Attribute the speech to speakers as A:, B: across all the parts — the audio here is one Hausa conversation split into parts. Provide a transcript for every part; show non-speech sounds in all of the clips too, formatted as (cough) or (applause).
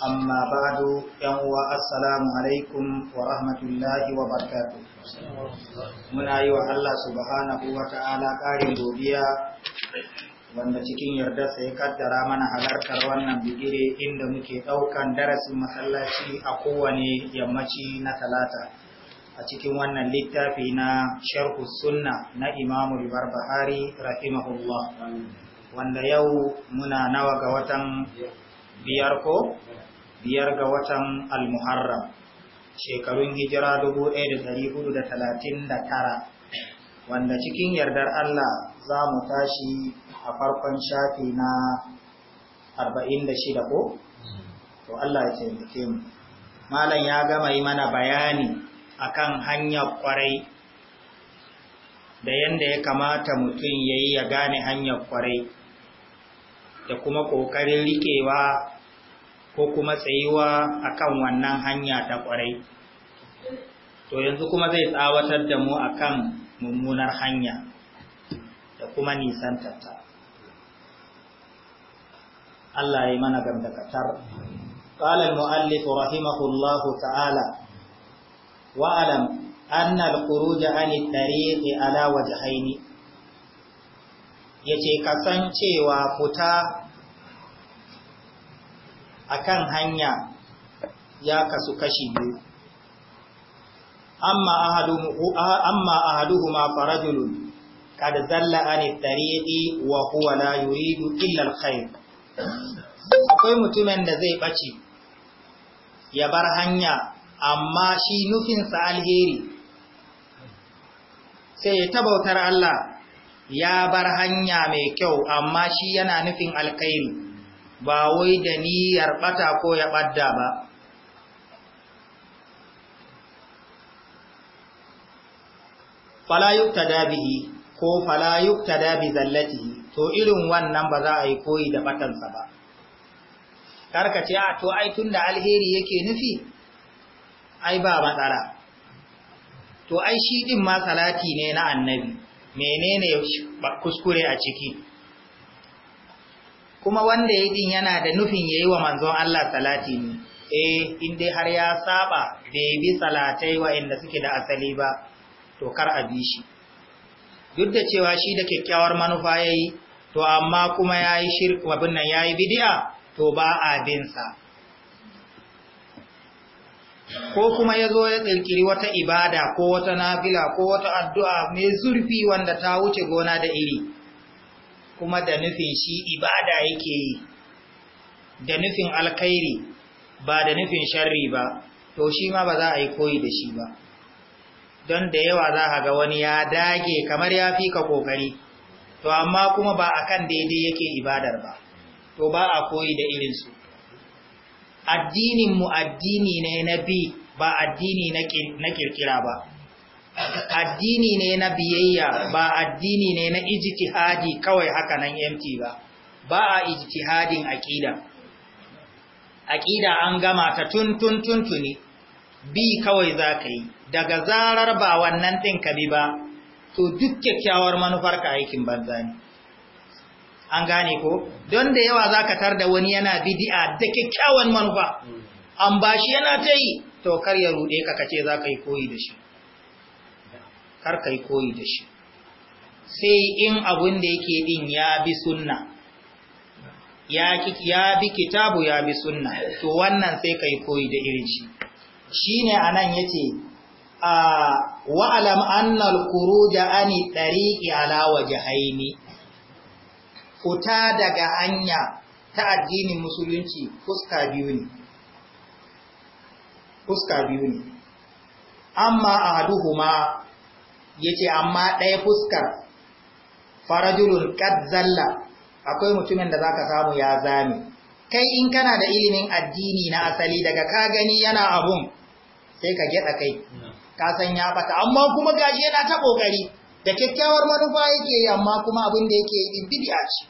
A: amma ba'du yan uwa assalamu alaikum wa rahmatullahi wa barakatuh muna yi wa Allah subhanahu wa ta'ala ƙarin godiya wanda cikin yarda ya kaddara mana halartar wannan bigire inda muke ɗaukan darasin masallaci a kowane yammaci na talata a cikin wannan littafi na sharhu sunna na imamu Rahima rahimahullah wanda yau muna nawa ga watan biyar ko biyar ga watan al-muharram shekarun hijira 1439 wanda cikin yardar Allah za mu tashi a farkon shafi na 46 ko? to Allah ya taimake mu malam ya gama yi mana bayani akan hanyar kwarai da yanda ya kamata mutum ya yi ya gane hanyar kwarai da kuma ƙoƙarin riƙewa ko kuma tsayuwa akan wannan hanya ta kwarai to yanzu kuma zai tsawatar da mu akan mummunar hanya da kuma nisan tatta Allah ya yi mana gamdakatar قال المؤلف رحمه الله تعالى وألم أن الخروج عن الطريق على وجهين yace kasancewa fita akan hanya ya kasu kashi biyu amma ahaduhuma farajulun kad zalla an tariqi wa huwa la yuridu illa alkhair akwai mutumin da zai bace ya bar hanya amma shi nufinsa alheri sai ya tabautar Allah ya bar hanya mai kyau amma shi yana nufin alkhairi ba wai da niyyar yarbata ko ya ɓadda ba fala yuktada bihi ko fala yuktada bi zallati to irin wannan ba za a yi koyi da batansa ba karka ce a to ai tunda alheri yake nufi ai ba matsala to ai shi din ma salati ne na annabi menene kuskure a ciki kuma wanda ya yi yana da nufin ya yi wa manzon Allah salati ne eh in dai har ya saba bai bi salatai wa inda suke da asali ba to kar a bi shi duk da cewa shi da kyakkyawar manufa ya yi, to amma kuma ya yi shirk binnan ya yayi bidiya, to ba a binsa. ko kuma ya zo ya tsirkiri wata ibada ko wata nafila ko wata addu'a mai zurfi wanda ta wuce gona da iri kuma da nufin shi ibada yake yi da nufin alkhairi ba da nufin sharri ba to shi ma ba za a yi koyi da shi ba don da yawa za a ga wani ya dage kamar ya fi ka kokari to amma kuma ba akan daidai yake ibadar ba to ba a koyi da irinsu addinin mu addini ne na bi ba addini na kirkira ba addini ne na biyayya ba addini ne na ijtihadi kawai haka nan MT ba ba a ijtihadin aqida aqida an gama ta tun tun tun tuni bi kawai zakai yi daga zarar ba wannan din ka bi ba to duk kyakkyawar manufar ka aikin banza ne an gane ko don da yawa zaka tar da wani yana bid'a da kyakkyawan manufa an bashi yana ta to kar ya rude ka kace zaka yi koyi da shi kar kai koyi da shi sai in abun da yake din ya bi sunna ya bi kitabu ya bi sunna to wannan sai kai koyi da irin shi shine anan yace a wa alam anna al ani tariqi ala wajhaini Futa daga hanya ta addinin musulunci fuska biyu ne fuska biyu ne amma ahaduhuma yace amma ɗaya fuskar farajulun kadzalla akwai mutumin da zaka samu ya zame kai in kana da ilimin addini na asali daga ka gani yana abun sai ka gyaɗa kai ka san ya bata amma kuma gashi yana ta kokari da kyakkyawar manufa yake yi amma kuma abin da yake yi bid'a ce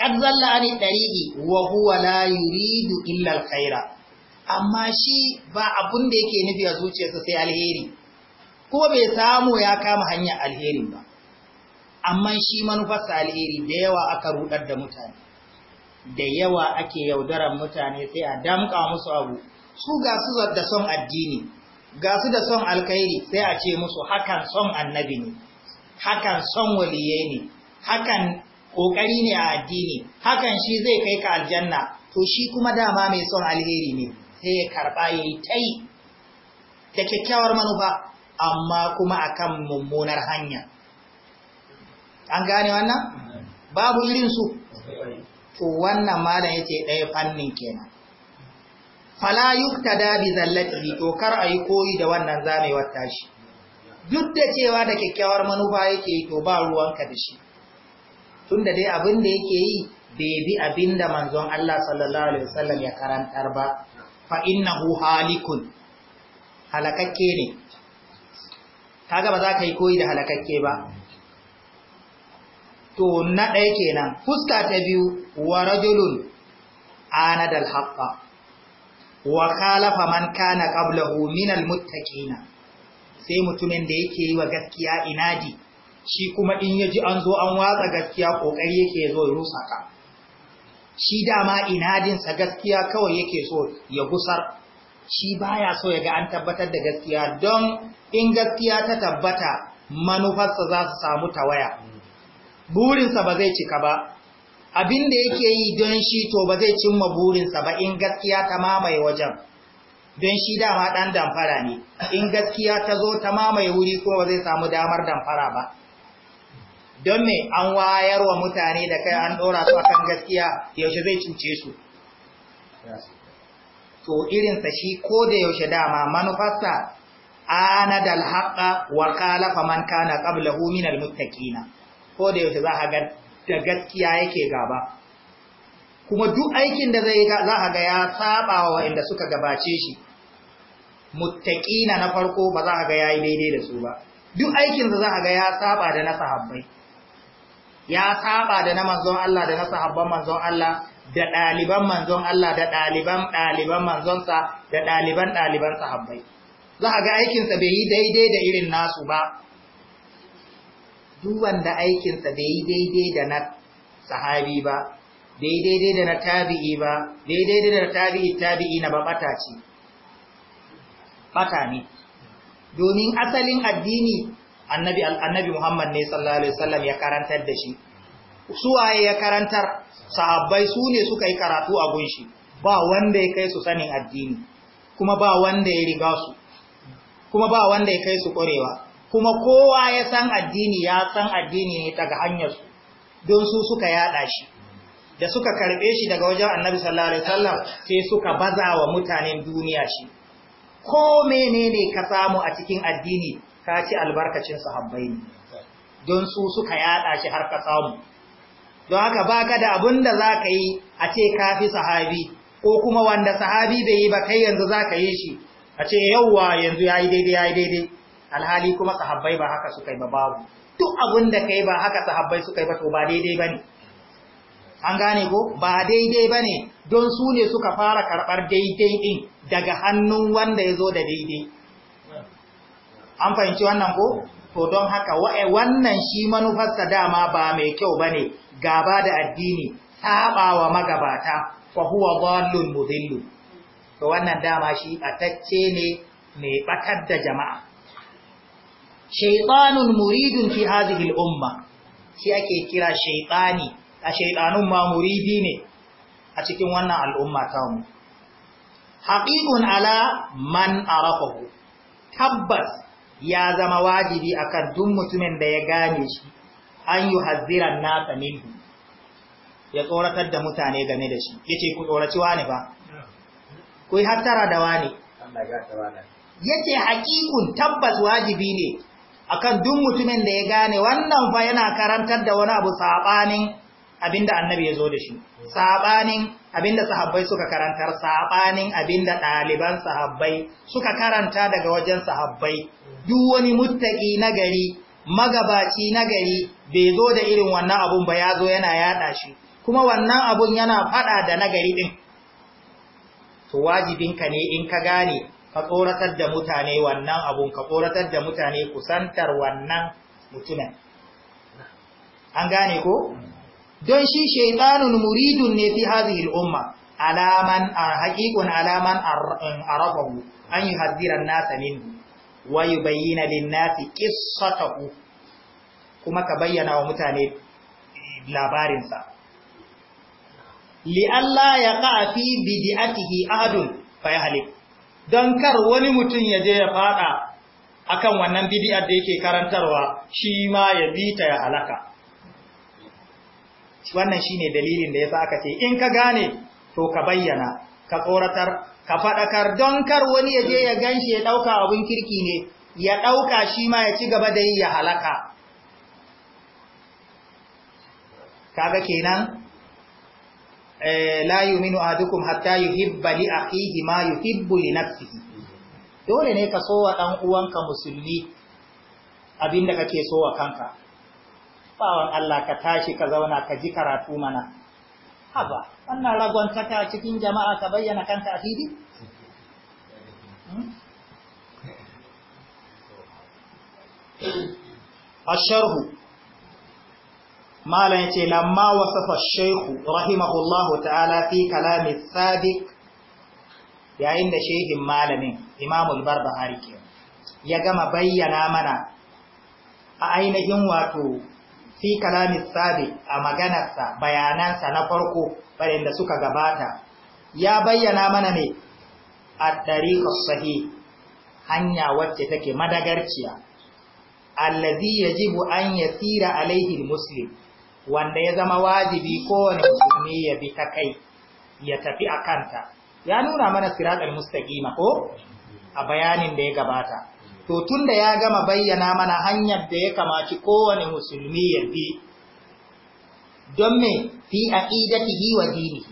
A: kadzalla ani dariqi wa huwa la yuridu illa alkhaira amma shi ba abun da yake nufi a zuciyarsa sai alheri ko bai samu ya kama hanyar alherin ba amma shi manufarsa alheri da yawa aka rudar da mutane da yawa ake yaudaran mutane sai a damka musu abu su ga su da son addini ga su da son alkhairi sai a ce musu hakan son annabi ne hakan son waliye ne hakan ƙoƙari ne a addini hakan shi zai kai ka aljanna to shi kuma dama mai son alheri ne sai ya karɓa ya yi ta yi da kyakkyawar manufa amma kuma akan mummunar hanya an gane wannan babu irinsu to wannan malam yace ɗaya fannin kenan fala yukta da bi zallatihi to kar yi koyi da wannan zamewar tashi duk da cewa da kyakkyawar manufa yake yi to ba ruwanka da shi tunda dai abin da yake yi bai bi abin da manzon Allah sallallahu alaihi wasallam ya karantar ba fa innahu halikun halakakke ne kaga ba za ka yi koyi da halakakke ba to na ɗaya kenan fuska ta biyu wa rajulun anadal haqqa wa khalafa man kana qablahu minal muttaqina sai mutumin da yake yi wa gaskiya inadi shi kuma in yaji an zo an watsa gaskiya kokari yake zo ya rusa ka shi dama inadinsa gaskiya kawai yake so ya gusar shi baya so ya ga an tabbatar da gaskiya don in gaskiya ta tabbata manufarsa za su samu tawaya burinsa ba zai cika ba abin da yake yi don shi to ba zai cimma burinsa ba in gaskiya ta mamaye wajen don shi dama ɗan damfara ne in gaskiya ta zo ta mamaye wuri ko ba zai samu damar damfara ba don me an wayar wa mutane da kai an ɗora su akan gaskiya yaushe zai cuce su to irinsa shi ko da yaushe dama manufarsa ana dal haƙa wa ƙalafa man kana ƙablahu min ko da yaushe za a ga da gaskiya yake gaba kuma duk aikin da za a ga ya saba wa waɗanda suka gabace shi muttaqina na farko ba za a ga yayi daidai da su ba duk aikin da za a ga ya saba da na sahabbai ya saba da na manzon Allah da na sahabban manzon Allah da ɗaliban manzon Allah da ɗaliban ɗaliban manzonsa da ɗaliban ɗaliban sahabbai za a ga aikinsa bai yi daidai da irin nasu ba duk wanda aikinsa bai yi daidai da na sahabi ba bai daidai da na tabi'i ba bai daidai da na tabi'i tabi'i na ba ɓata ce ɓata ne domin asalin addini annabi annabi Muhammad ne sallallahu alaihi wasallam ya karantar da shi suwaye ya karantar sahabbai su ne suka yi karatu a gunshi ba wanda ya kai su sanin addini kuma ba wanda ya riga su kuma ba wanda ya kai su kwarewa. kuma kowa ya san addini ya san addini ne daga hanyar su don su suka yada shi da suka karbe shi daga wajen annabi sallallahu alaihi wasallam sai suka baza wa mutanen duniya shi ko menene ka samu a cikin addini ka ci albarkacin sahabbai ne don su suka yada shi har ka samu don haka ba ka da abin da za ka yi a ce ka fi sahabi ko kuma wanda sahabi bai yi ba kai yanzu za ka yi shi a ce yauwa yanzu ya yi daidai ya yi daidai alhali kuma sahabbai ba haka suka yi ba babu duk abin da ka yi ba haka sahabbai suka yi ba to ba daidai ba ne an gane ko ba daidai ba ne don su ne suka fara karɓar daidai ɗin daga hannun wanda ya zo da daidai an fahimci wannan ko to don haka wannan shi manufarsa dama ba mai kyau ba ne gaba da addini sabawa magabata fa huwa dhallul to wannan dama shi batacce ne mai ɓatar da jama'a shaytanun muridun fi hadhihi al-umma shi ake kira shaytani a shaytanun ma muridi ne a cikin wannan al'umma ta mu haqiqun ala man arafahu tabbas ya zama wajibi kan duk mutumin da ya gane shi an yi hazziran nasa minhu ya tsoratar da mutane game da shi yace ku tsoraci wani ba ku yi hattara da wani yace haƙiƙun tabbas wajibi ne akan duk mutumin da ya gane wannan fa yana karantar da wani abu sabanin abinda annabi ya zo da shi sabanin abinda sahabbai suka karantar sabanin abinda ɗaliban sahabbai suka karanta daga wajen sahabbai duk wani muttaki nagari magabaci nagari bai zo da irin wannan abun ba ya zo yana yada shi kuma wannan abun yana fada da nagari din to wajibinka ne in ka gane ka tsoratar da mutane wannan abun ka tsoratar da mutane kusantar wannan mutumin an gane ko don shi shaitanun muridun ne fi hadhihi umma alaman haƙiƙun alaman arafahu an yi an-nasa minhu wa yubayyana lin-nasi qissatahu kuma ka bayyana wa mutane eh, labarinsa li'alla ya ƙafi bidi'atihi ahadun fa halik don kar wani mutum ya je ya fada akan wannan bidi'ar da yake karantarwa shi ma ya bita ya halaka wannan shine dalilin da yasa aka ce in ka gane to ka bayyana ka tsoratar ka fadakar don kar wani ya je ya ganshi ya dauka abun kirki ne ya dauka shi ma ya ci gaba da yi ya halaka kaga kenan eh la yu'minu ahadukum hatta yuhibba li akhihi ma yuhibbu li nafsihi dole ne ka so wa dan uwanka musulmi abinda kake so wa kanka bawan Allah ka tashi ka zauna ka ji karatu mana haba wannan ragon taka cikin jama'a ka bayyana kanka a fili hmm? asharhu malan yace lamma wasafa shaykhu rahimahullahu ta'ala fi kalami sabiq yayin da shehin malamin imamul barbahari ke ya gama bayyana mana a ainihin wato fi kalamin sabi a maganarsa bayanansa na farko da suka gabata ya bayyana mana ne a tariƙar sahi hanya wacce take madagarciya allazi yajibu an yasira alaihi muslim wanda ya zama wajibi kowane musulmi ya bi ta kai ya tafi a kanta ya nuna mana siratal mustaqima ko a bayanin da ya gabata to tun da ya gama bayyana mana hanyar da ya kamaci kowane musulmi ya bi don me fi yi wa dini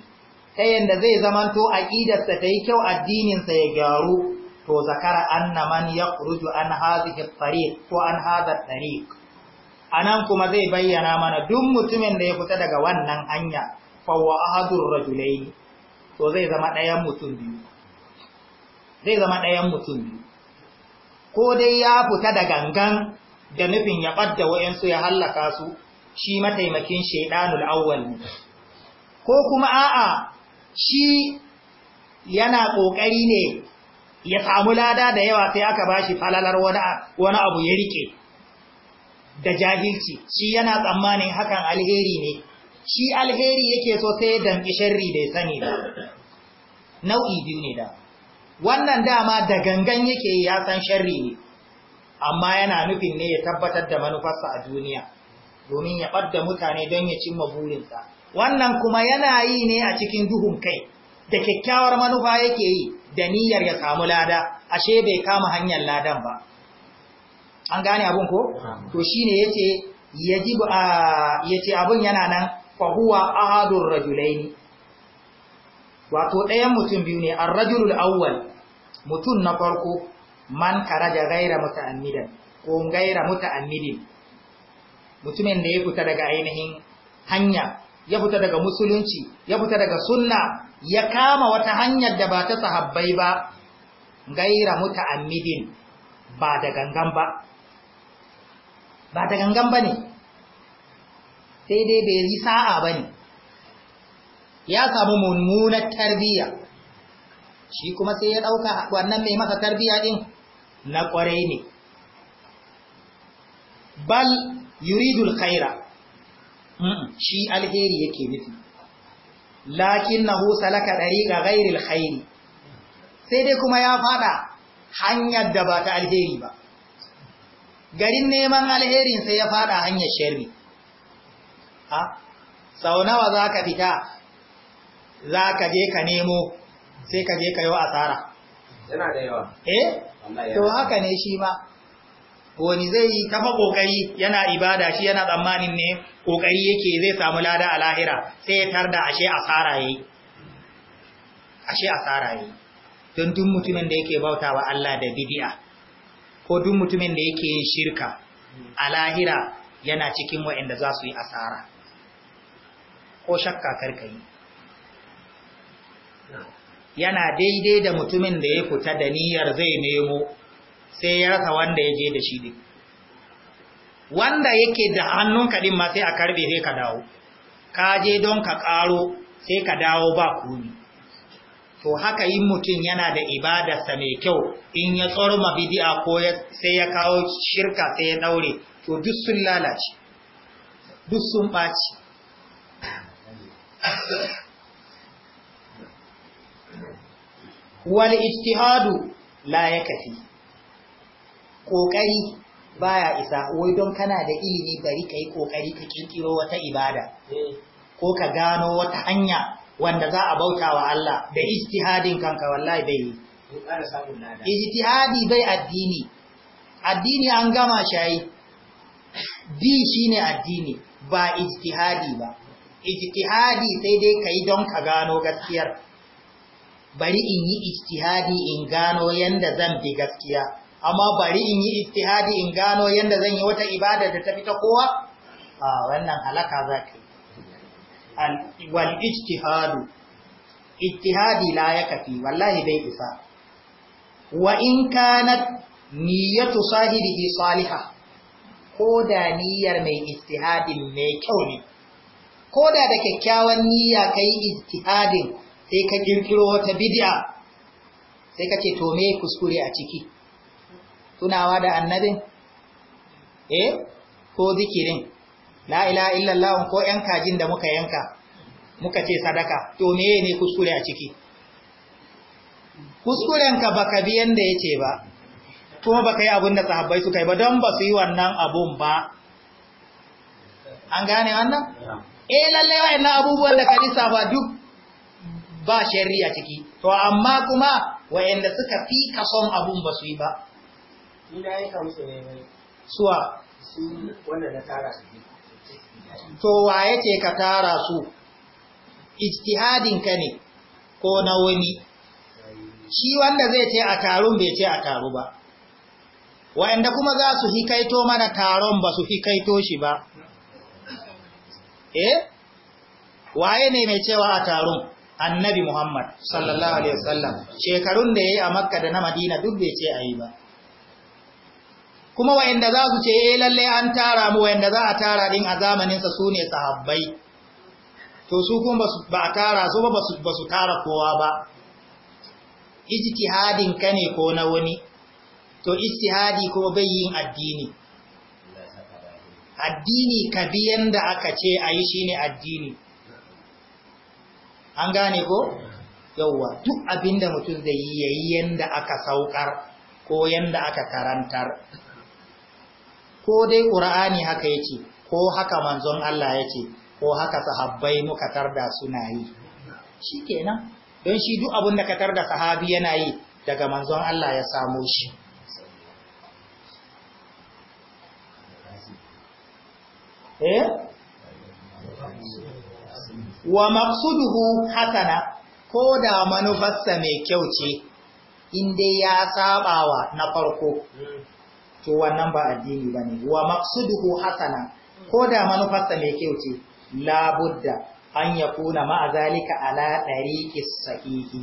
A: ta yanda zai zamanto idarsa ta yi kyau addininsa ya gyaru to zakara annaman man kurju an hazi hifari ko an haza at a nan kuma zai bayyana mana duk mutumin da ya fita daga wannan hanya fa a ahadur to zai zama ɗayan mutum biyu zai zama ɗayan mutum biyu ko dai ya fita da gangan da nufin ya ɓadda wa'yansu ya hallaka su shi mataimakin shaidanul awwal ne ko kuma a'a shi yana ƙoƙari ne ya samu lada da yawa sai aka ba shi falalar wani abu ya rike da jahilci shi yana tsammanin hakan alheri ne shi alheri yake so sai dan damƙi sharri da ya sani da nau'i biyu ne da wannan dama da gangan yake ya san sharri ne amma yana nufin ne ya tabbatar da manufarsa a duniya domin ya ɓadda mutane don ya cimma burinsa wannan kuma yana yi ne a cikin duhun kai da kyakkyawar manufa yake yi da niyyar ya samu lada ashe bai kama hanyar ladan ba an gane abun ko to shine yace yaji ba yace abun yana nan fa huwa ahadur rajulaini wato ɗayan mutum biyu ne ar-rajulul awwal mutum na farko man karaja gaira amidan ko gaira amidin mutumin da ya fita daga ainihin hanya ya fita daga musulunci ya fita daga sunna ya kama wata hanyar da ba ta sahabbai ba gaira amidin ba da gangan ba ba da gangan ba ne. sai dai bai yi sa'a ba ne. ya samu mummunar tarbiya shi kuma sai ya ɗauka wannan mai masa tarbiya ɗin na ƙwarai ne bal yuridul khaira shi alheri yake nufi lakin na salaka ɗari ga gairil khairi sai dai kuma ya fada hanyar da ba ta alheri ba garin neman alherin sai ya fada hanyar shari ha sau nawa za ka fita za ka je ka nemo sai ka je ka yi asara yana da yawa eh to haka ne shi ma wani zai yi tafa kokari yana ibada shi yana tsammanin ne kokari yake zai samu lada a lahira sai ya tarda ashe asara yayi ashe asara yayi don duk mutumin da yake bautawa Allah da bid'a ko duk mutumin da yake yin shirka a lahira yana cikin waɗanda za su yi asara ko shakka karkai yana daidai da mutumin da ya fita da niyyar zai nemo sai ya rasa wanda ya je da shi din wanda yake da hannun din ma sai a karbe sai ka dawo ka je don ka karo sai ka dawo ba komi to haka yin mutum yana da ibadarsa mai kyau in ya tsorma bidi'a ko sai ya kawo shirka sai ya daure to duk sun lalace duk sun ɓaci wal ijtihadu la ƙoƙari kokari baya isa wai don kana da ilimi bari kai kokari ka kirkiro wata ibada eh. ko ka gano wata hanya wanda za a bauta wa Allah da ijtihadin kanka wallahi bai yi ijtihadi bai addini addini an gama shayi bi shine addini ba ijtihadi ba ijtihadi sai dai kai don ka gano gaskiyar bari in yi ijtihadi in gano yanda zan bi gaskiya amma bari in yi ijtihadi in gano yanda zan yi wata ibada da ta fita kowa a wannan halaka za ka yi wal ijtihadu ijtihadi la yakfi wallahi bai isa wa in kanat niyyatu sahibihi salihah ko da niyyar mai ijtihadin mai kyau ne ko da da kyakkyawan niyya kai ijtihadin sai ka kirkiro wata bid'a sai ka ce to me kuskure a ciki tunawa da annabin eh ko zikirin la ilaha illallah ko yan kajin da muka yanka muka ce sadaka to me ne kuskure a ciki Kuskuren ka baka bi yanda yace ba kuma baka yi abin da sahabbai suka yi ba don ba su yi wannan abun ba an gane wannan eh lallai wa'annan abubuwan da ka lissa ba duk ba shari'a ciki to amma kuma wayanda suka fi kason abun ba su yi ba ina ka musu ne mai suwa
B: wanda na tara su
A: to waye ce ka tara su ijtihadin ka ne ko na wani shi wanda zai ce a tarun bai ce a taru ba Wayanda kuma za su fi kaito mana taron ba su kaito shi ba eh waye ne mai cewa a taron annabi Muhammad sallallahu alaihi wasallam shekarun da yayi a Makka da na Madina duk bai ce ayi ba kuma wayanda za su ce eh lalle an tara mu wayanda za a tara din a zamanin sa sune sahabbai to su kuma ba a tara su ba basu basu tara kowa ba ijtihadin ka ne ko na wani to ijtihadi kuma bai yin addini addini kabiyan da aka ce ayi shine addini an gane ko yauwa duk abinda mutum zai yi yayi yanda aka saukar ko yanda aka karantar ko dai qur'ani haka yace ko haka manzon Allah yace ko haka sahabbai muka tarda suna yi shikenan don shi duk abin da ka tarda sahabi yana yi daga manzon Allah ya samo shi eh wa maqsuduhu hasana ko da manufarsa mai kyau ce in dai ya sabawa na farko to wannan ba addini bane wa maqsuduhu hasana ko da manufarsa mai kyau ce labudda an yakuna ƙuna zalika ala dariqi sahihi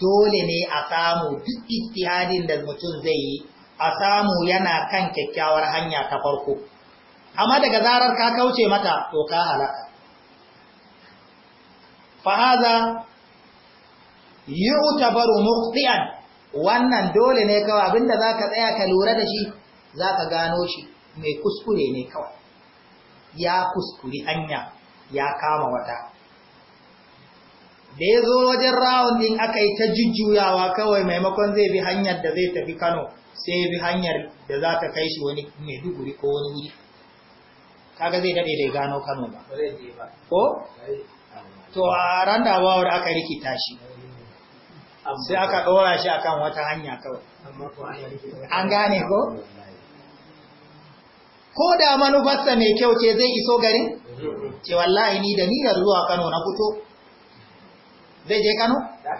A: dole ne a samu duk ittihadin da mutum zai yi a samu yana kan kyakkyawar hanya ta farko amma daga zarar ka kauce mata to ka halaka fahaza yu'tabaru muqti'an wannan dole ne kawai abinda ka tsaya ka lura da shi ka gano shi mai kuskure ne kawai ya kuskuri hanya ya kama wata da ya zo wajen rawun din aka yi ta jujjuyawa kawai maimakon zai bi hanyar da zai tafi kano sai ya bi hanyar da za ta kai shi wani maiduguri ko wani wuri kaga zai daɗe da gano kano ba ko to a ran da bawar aka rikita shi sai aka ɗora shi akan wata hanya kawai an gane ko ko da manufarsa mai kyau ce zai iso garin ce wallahi ni da niyar zuwa kano na fito zai je kano? da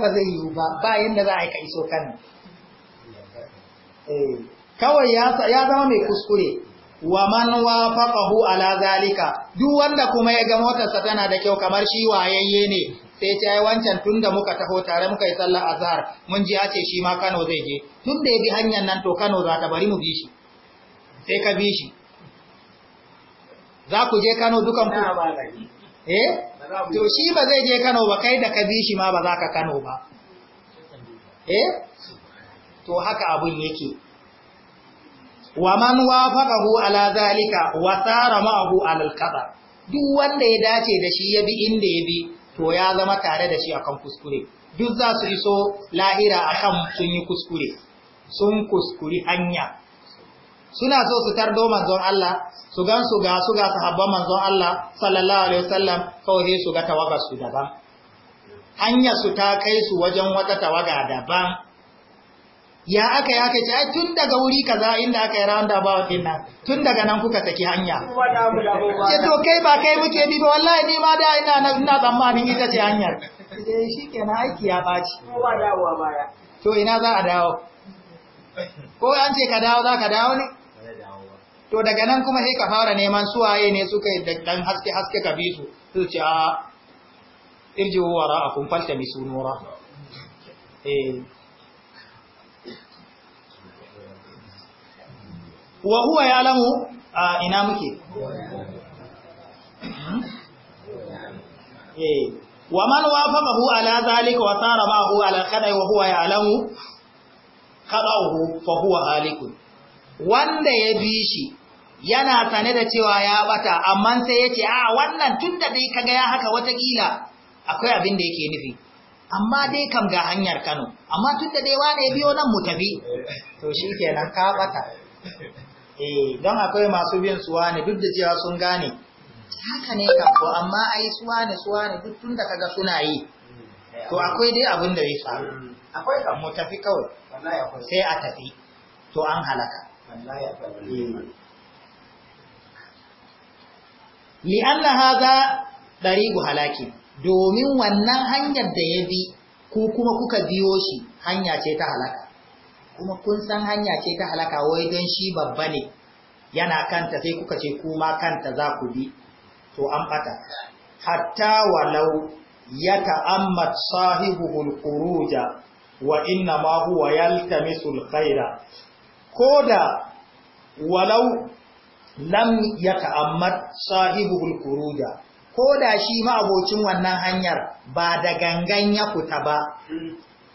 A: aka zai yiwu ba bayan da za a ka iso kano kawai ya zama mai kuskure wa man wafaqahu ala zalika duk wanda kuma ya ga motarsa tana da kyau kamar shi wayayye ne sai ta yi wancan tunda muka taho tare muka yi sallar azhar mun ji ya ce shi ma Kano zai je da ya bi hanyar nan to Kano za ta bari mu bi shi sai ka bi shi za ku je Kano dukan ku eh to shi ba zai je Kano ba kai da ka bi shi ma ba za ka Kano ba eh to haka abun yake wa man wafaqahu ala zalika wa sara ma'ahu alal kaza duk wanda ya dace da shi ya bi inda ya bi to ya zama tare da shi akan kuskure duk za su iso lahira akan sun yi kuskure sun kuskuri hanya suna so su tardo manzon Allah su gan su ga su ga sahabban manzon Allah sallallahu alaihi wasallam kawai su ga tawagar su daban hanya su ta kai su wajen wata tawaga daban ya aka yi aka ce ai tun daga wuri kaza inda aka yi rawanda ba wa dinna tun daga nan kuka saki hanya ce to kai ba kai muke bi ba wallahi ni ma da ina ina tsammanin ita ce hanyar eh, na aiki ya baci ba dawowa baya to ina za a dawo ko an ce ka dawo za ka dawo ne to daga nan kuma sai ka fara neman suwaye ne suka yi dan haske haske ka bi su su ce a ah, irjiwo wara a kun falta bi nura eh wa huwa ya lamu a ina muke hmm? eh, wa man huwa ala zalika wa ba huwa ala kadai wa huwa ya lamu qada'uhu fa huwa halikun wanda ya bi shi yana sane da cewa ya bata amma sai yace a wannan tunda dai kaga ya haka watakila akwai abin da yake nufi amma dai kam ga hanyar Kano amma tunda dai wane biyo nan mu tafi to shikenan ka bata eh don akwai masu bin suwa ne duk da cewa sun gane haka ne ka ko amma ai suwa ne suwa ne duk tun da kaga suna yi to akwai dai abin da ya faru akwai kan tafi kawai sai a tafi to an halaka eh. li'anna ɗari gu halaki domin wannan hanyar da ya bi ko kuma kuka biyo shi hanya ce ta halaka kuma kun san hanya ce ta halaka wai don shi babba ne yana kanta sai kuka ce kuma kanta za ku bi to an fata hatta walau ya ta'ammat sahibu khuruja wa inna ma huwa yaltamisu alkhaira koda walau lam ya ta'ammat sahibuhul khuruja koda shi ma abocin wannan hanyar ba da gangan ya fita ba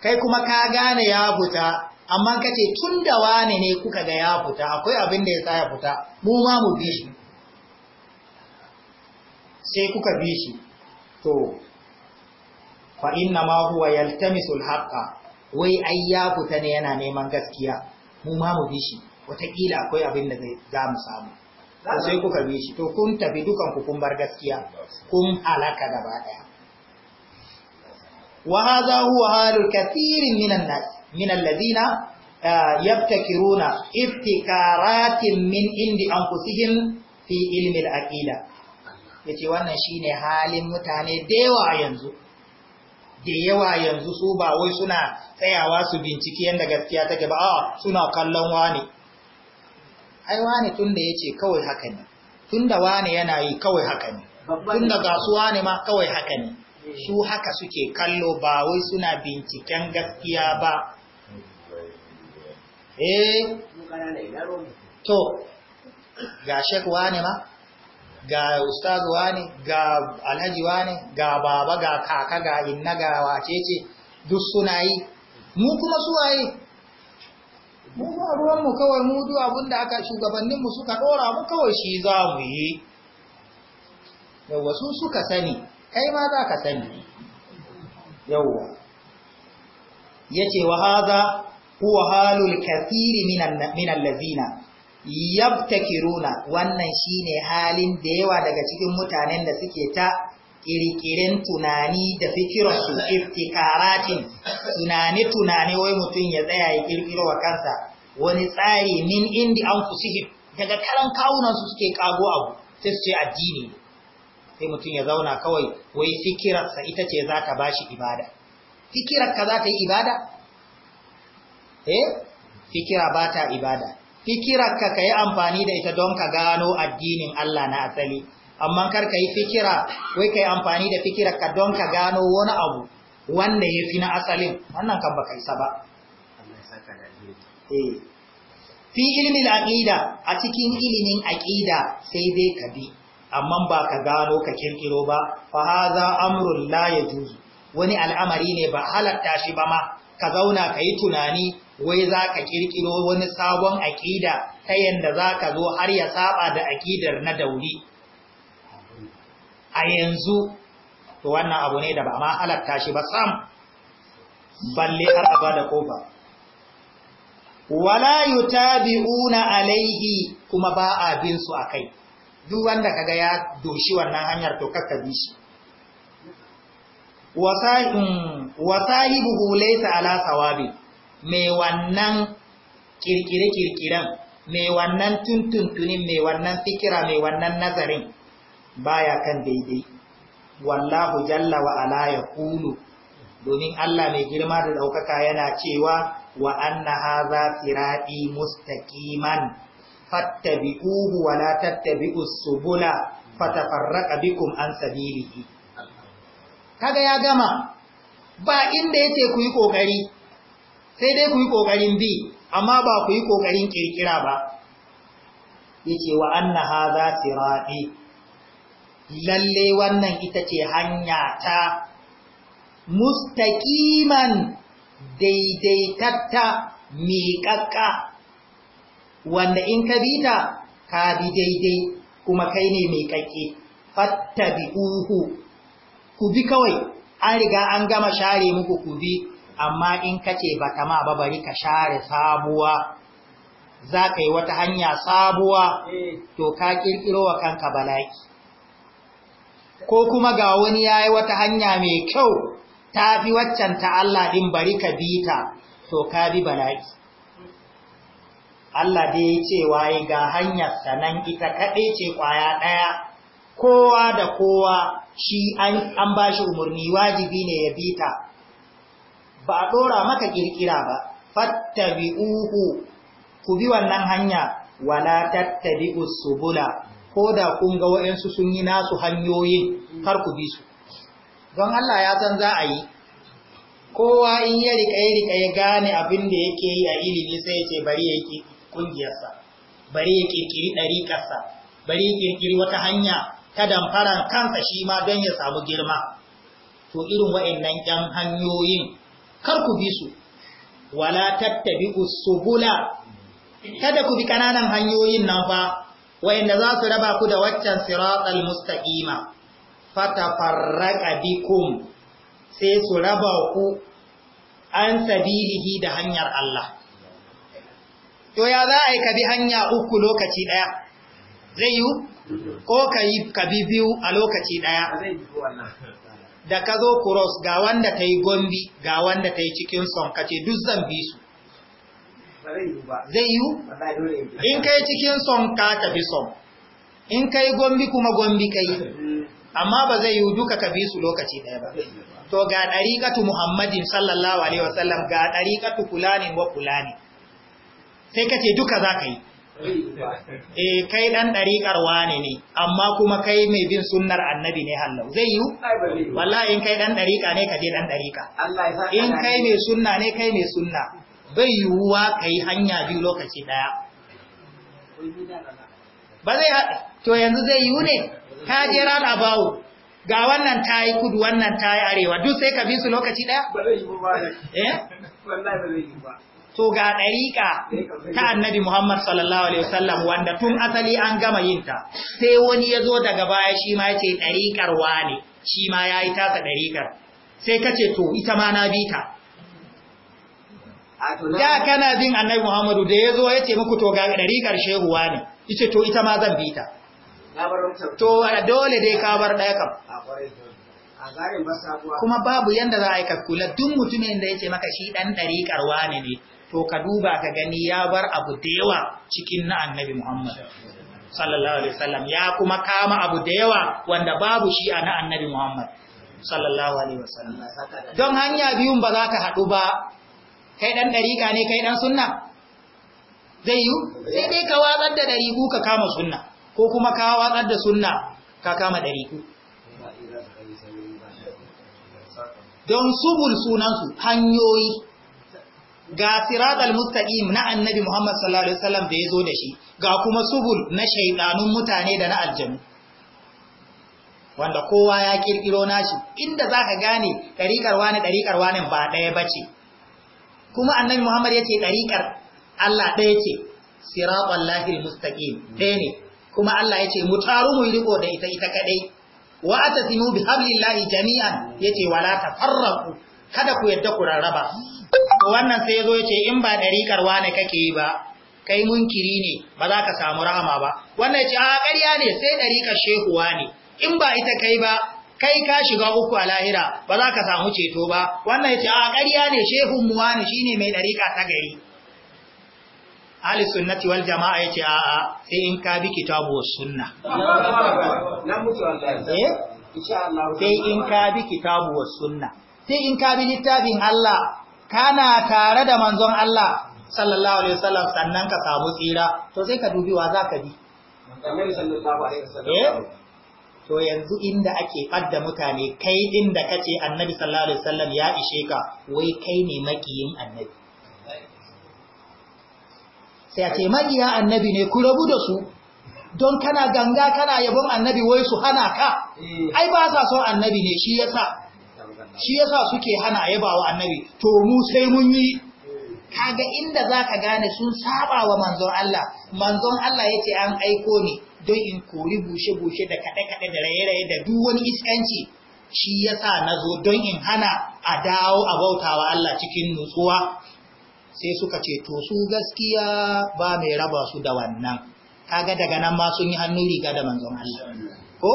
A: kai kuma ka gane ya fita amma ka ce tun da wane ne kuka ga ya fita akwai abin da ya sa ya fita mu ma mu bi shi sai kuka bi shi to fa inna ma huwa yaltamisul haqqa wai ai ya fita ne yana neman gaskiya mu ma mu bi shi wataƙila akwai abin da za mu samu sai kuka bi shi to kun tafi dukan ku kun bar gaskiya kun halaka gaba daya wa hadha huwa halul kathirin minan nas من الذين يبتكرون ابتكارات min indi انفسهم fi علم al yace wannan shine halin mutane da yawa yanzu da yawa yanzu su ba wai suna tsayawa su bincike yanda gaskiya take ba a suna kallon wani ai wani tunda yace kawai haka ne tunda wani yana yi kawai haka ne tunda ga su wani ma kawai haka ne su haka suke kallo ba wai suna binciken gaskiya ba eh to ga shek wane ma ga ustaz wane ga alhaji wane ga baba ga kaka ga inna ga wacece duk suna yi mu kuma suwaye mu ba ruwanmu kawai mu duk da aka shugabanninmu suka dora mu kawai shi za mu yi yawwa su suka sani kai ma za ka sani yawwa ya ce wa haza huwa halul kathiri minan lazina yabtakiruna wannan shine halin da yawa daga cikin mutanen da suke ta kirkirin tunani da fikirarsu, su iftikaratin tunani tunani wai mutum ya tsaya ya kirkiro wa kansa wani tsari min indi an anfusihim daga karan kawunan su suke kago abu sai su ce addini sai mutum ya zauna kawai wai fikirarsa ita ce za ta bashi ibada Fikirarka za ta yi ibada eh fikira ba ta ibada fikirar ka kai amfani da ita don ka gano addinin Allah na asali amma kar ka yi fikira wai kai amfani da fikirarka ka don ka gano wani abu wanda ya fi na asalin wannan kan baka isa ba eh. fi ilimin aqida a cikin ilimin aƙida, sai dai ka bi amma ba ka gano ka kirkiro ba fa haza amrun la yajuzu wani al'amari ne ba halatta shi ba ma ka zauna ka yi tunani wai za ka ƙirƙiro wani sabon aƙida ta yadda za ka zo har ya saba da aƙidar na dauri a yanzu to wannan abu ne da ba ma halatta shi ba sam balle har a bada kofa wala yutabi'una alaihi kuma ba a binsu su akai duk wanda kaga ya doshi wannan hanyar to kakka bi shi wasahibuhu laysa ala sawabi mai wannan kirkire-kirkiren mai wannan tuntuntunin mai wannan fikira mai wannan nazarin baya kan daidai wallahu jalla wa ala yaqulu domin Allah mai girma da daukaka yana cewa wa anna hadha sirati mustaqiman fattabi'uhu wa la tattabi'us subula fatafarraqa bikum an sabilihi kaga ya gama ba inda yace ku yi kokari sai dai ku yi kokarin bi amma ba ku yi kokarin kirkira ba yace wa anna hadha sirati lalle wannan ita ce hanya ta mustaqiman daidaitatta miƙaƙƙa wanda in ka bi ta ka bi daidai kuma kai ne miƙaƙƙe fattabi'uhu ku bi kawai an riga an gama share muku ku bi amma in kace ba ma ba bari ka share sabuwa za ka yi wata hanya sabuwa to ka kirkiro wa kanka bala'i ko kuma ga wani ya yi wata hanya mai kyau ta fi waccan ta Allah ɗin bari ka bi ta to ka bi bala'i Allah dai ya ce waye ga hanyar sanan ita kaɗai ce ƙwaya ɗaya kowa da kowa shi an ba shi umarni wajibi ne ya bi ba a ɗora maka ƙirƙira ba fattabi uku, ku bi wannan hanya wala tattabi usubula ko da kun ga wa'yansu sun yi nasu hanyoyin kar ku bi su don Allah ya san za a yi kowa in ya riƙa ya riƙa ya gane abin da yake yi a ilimi sai ya ce bari ya yi ƙungiyarsa bari ya ƙirƙiri ɗariƙarsa bari ya ƙirƙiri wata hanya ta damfaran kansa shi ma don ya samu girma to irin wa'annan ƴan hanyoyin kar ku bi su wala tattabi'us usubula. kada ku bi kananan hanyoyin nan fa wayanda za su raba ku da waccan siratal mustaqima fatafarraqa bikum sai su raba ku an sabilihi da hanyar Allah to ya za a yi ka bi hanya uku lokaci ɗaya, zai yi ko ka yi kabi biyu a lokaci ɗaya da ka zo kuros ga wanda ta yi gombi ga wanda ta yi cikin son ka ce duk zan bi su zai yiwu in ka yi cikin son ka tafi son in ka yi gombi kuma gombi ka yi amma ba zai yiwu duka ka bi su lokaci ɗaya ba to ga ɗariƙatu muhammadin sallallahu alaihi wasallam ga ɗariƙatu ne wa ne sai ka ce duka za ka yi
B: eh
A: kai dan dariƙar wane ne amma kuma kai mai bin sunnar annabi ne hallau zai yi wallahi in kai dan dariƙa ne ka je dan dariƙa in kai mai sunna ne kai mai sunna bai yiwuwa kai hanya biyu lokaci daya ba zai to yanzu zai yiwu ne ka je ran abawo ga wannan ta yi kudu wannan ta yi arewa duk sai ka bi su lokaci daya ba zai yiwu ba eh wallahi ba zai yiwu ba to ga ɗariƙa ta annabi Muhammad sallallahu Alaihi wasallam wanda tun asali an gama yinta, sai wani ya zo daga baya shi ma ya ce ɗariƙar ne, shi ma ya yi tasa ɗariƙar, sai ka ce to ita ma na bi ta. Da kana bin annabi Muhammadu da ya zo ya ce muku to ga ɗariƙar shehu ne? ita to ita ma zan bi ta.
B: To dole dai ka bar ɗaya kam.
A: Kuma babu yanda za a yi kakkula duk mutumin da ya ce maka shi ɗan ɗariƙar wane ne, to ka duba ka gani ya bar abu da yawa cikin na annabi Muhammad sallallahu alaihi wasallam ya kuma kama abu da yawa wanda babu shi a na annabi Muhammad sallallahu alaihi wasallam don hanya biyun ba za ka haɗu ba kai dan dariqa ne kai dan sunna zai yi sai dai ka watsar da dariqu ka kama sunna ko kuma ka watsar da sunna ka kama dariqu don subul sunansu hanyoyi ga siratal mustaqim na annabi Muhammad sallallahu alaihi wasallam da yazo da shi ga kuma subul na shaytanun mutane da na aljannu wanda kowa ya kirkiro nashi inda zaka gane dariƙar wani dariƙar wani ba ɗaya bace kuma annabi Muhammad yace dariƙar Allah ɗaya ce siratal lahil mustaqim ɗaya ne kuma Allah yace mutaru mu riko da ita ita kadai wa atasimu bihablillahi jami'an yace wala tafarraqu kada ku yadda ku rarraba to wannan sai yazo yace in ba dariƙar wane kake yi ba kai munkiri ne ba za ka samu rahama ba wannan yace a ƙarya ne sai dariƙar shehuwa ne in ba ita kai ba kai ka shiga uku a lahira ba za ka samu ceto ba wannan yace a ƙarya ne shehun mu shi shine mai dariƙa ta gari ahli sunnati wal jama'a yace a a sai in ka bi kitabu wa sunna eh? sai in ka bi kitabu wa sunna sai in ka bi littafin Allah kana tare da manzon Allah sallallahu alaihi wasallam sannan ka samu tsira to sai ka dubi wa zaka bi eh? to yanzu inda ake fadda mutane kai din da kace annabi sallallahu alaihi wasallam ya ishe ka wai kai ne makiyin annabi sai a ce makiya annabi ne ku rabu da su don kana ganga kana yabon annabi wai su hana ka eh. ai ba sa son annabi ne shi yasa shi yasa suke hana yabawa annabi to mu sai mun yi kaga inda zaka gane sun saba wa manzon Allah manzon Allah yace an aiko ni don in kori bushe bushe da kade kade da raye raye da duk wani iskanci shi yasa nazo don in hana a dawo a bautawa Allah cikin nutsuwa sai suka ce to su gaskiya ba mai raba su da wannan kaga daga nan ma sun yi hannu riga da manzon Allah ko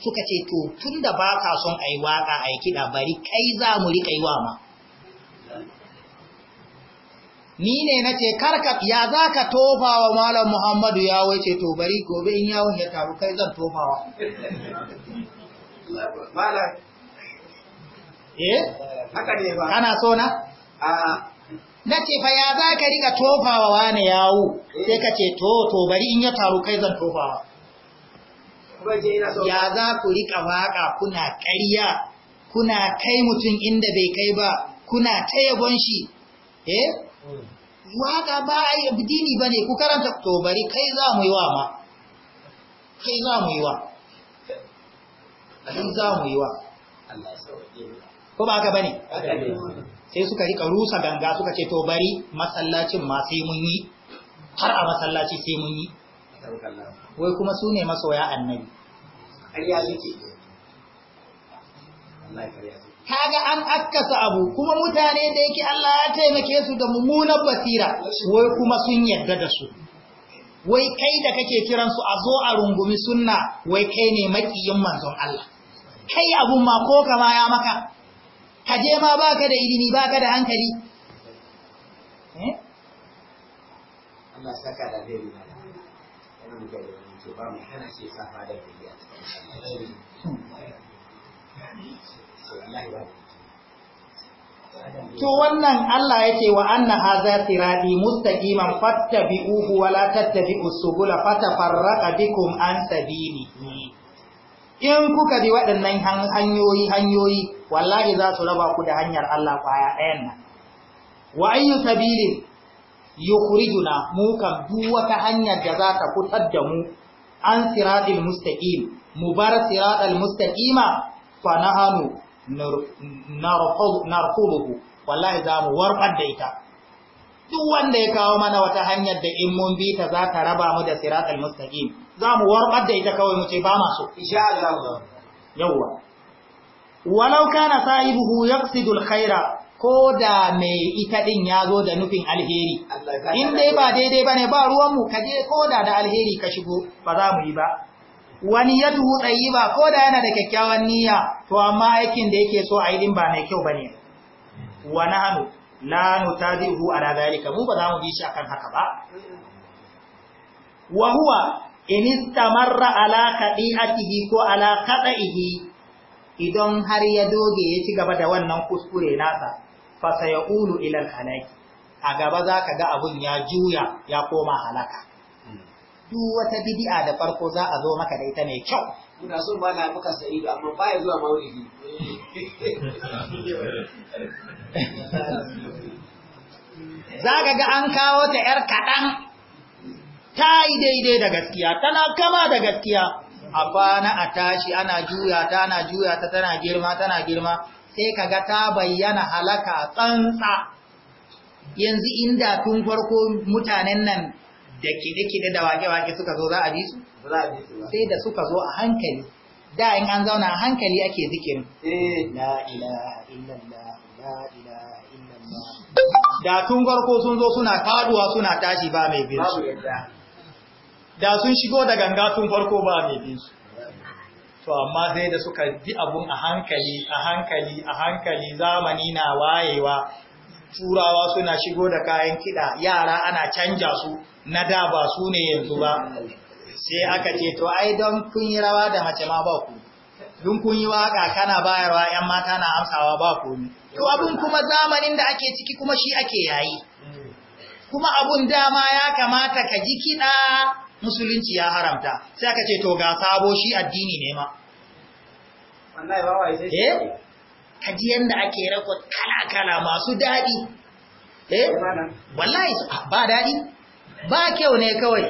A: suka ce to tun da ba ka son a yi waƙa a yi kiɗa bari kai za mu riƙa yi wa ma ni ne na ce karka ya za ka tofa wa malam muhammadu ya ce to bari gobe in yawon ya taru kai zan tofawa eh haka ne ba kana so na na ce fa ya za ka riƙa tofawa wane yawo eh. sai ka ce to to bari in ya taru kai zan tofawa ya za ku riƙa waƙa kuna ƙarya kuna kai mutum inda bai kai ba kuna ta yabon shi eh waƙa ba a yi addini ba ne ku karanta to bari kai za mu yi wa ma kai za mu yi wa kai za mu yi wa ko ba ka ba ne sai suka riƙa rusa ganga suka ce to bari masallacin ma sai mun yi har a masallaci sai mun yi wai kuma su ne masoya annabi kaga an akkasa abu kuma mutane da yake Allah ya taimake su da mummunan basira wai kuma sun yarda da su wai kai da kake kiran su a zo a rungumi sunna wai kai ne makiyin manzon Allah kai abun ma ko kama ya maka ka je ma baka da ilimi baka da hankali eh?
B: Allah saka da hujja ba ce da
A: To wannan Allah yake wa anna hadha tiradi mustaqiman fattabi'uhu wa la tattabi'us subula fatafarraqa bikum an sabili. In kuka bi waɗannan hanyoyi hanyoyi wallahi za su raba ku da hanyar Allah kwaya ɗayan nan. Wa ayyu sabilin yukhrijuna mu kan duk wata hanyar da za ta kutar da mu an siratil mustaqim mu bar siratal mustaqima fa nahanu narqubuhu wallahi za mu warfar da ita duk wanda ya kawo mana wata hanyar da in mun bi ta za ta raba mu da siratal mustaqim za mu warfar da ita kawai mu ce ba ma so insha Allah yawwa walau kana sahibuhu yaqsidul khaira ko da mai ita din ya zo da nufin alheri
B: in dai ba daidai bane ba
A: ruwanmu ka je ko da da alheri ka shigo ba za mu yi ba wani ya duhu tsayi ba ko da yana da kyakkyawan niyya to amma aikin da yake so a yi din ba mai kyau bane wa nahnu la nutadihu ala zalika mu ba za mu bi shi akan haka ba wa huwa in istamarra ala qadi'atihi ko ala qada'ihi idan har ya doge ya ci gaba da wannan kuskure nasa fasa ya ulu ilal halaki a gaba za ka ga abun ya juya ya koma halaka duk wata bidi'a da farko za a zo maka da ita mai kyau muna so ba na muka sai ido amma ya zuwa maulidi za ka ga an kawo ta yar kaɗan ta yi daidai da gaskiya tana kama da gaskiya a bana a tashi ana juya ta ana juya ta tana girma tana girma sai ka ga ta bayyana halaka tsantsa yanzu inda tun farko mutanen nan da kide-kide da wake-wake suka zo za a bi su sai da suka zo a hankali da in an zauna a hankali ake zikirin eh, la ilaha illallah la ilaha illallah da tun farko sun zo suna faduwa suna tashi ba mai bin su da sun shigo da ganga tun farko ba mai bin su to amma sai da suka ji abun a hankali a hankali a hankali zamani na wayewa turawa suna shigo da kayan kiɗa yara ana canja su na da ba su ne yanzu ba sai aka ce to ai don kun yi rawa da mace ma ba ku don kun yi waka kana bayarwa yan mata na amsawa ba ku to abun kuma zamanin da ake ciki kuma shi ake yayi kuma abun dama ya kamata ka ji kiɗa musulunci ya haramta sai aka ce to ga sabo shi addini ne ma eh kaji yanda ake rakwa kala-kala masu daɗi eh wallahi ba daɗi ba kyau ne kawai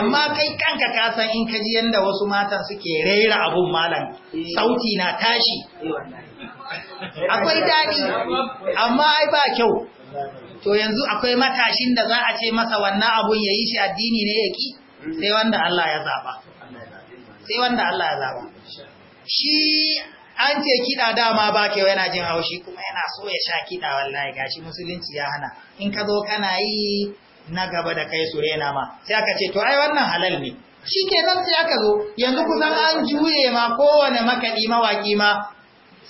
A: amma kai kanka ka san in kaji yanda wasu matan suke raira abun malam eh. sauti na tashi eh, akwai daɗi amma ai ba kyau to yanzu akwai matashin da za a ce masa wannan abun ya yi shi addini ne ya ki sai wanda Allah ya zaba sai wanda Allah ya zaba shi an ce kiɗa dama ba ke yana jin haushi kuma yana so ya sha kiɗa wallahi gashi musulunci ya hana in ka zo kana yi na gaba da kai su rena ma sai aka ce to ai wannan halal ne shi ke nan sai aka zo yanzu kusan an juye ma kowane makaɗi mawaki ma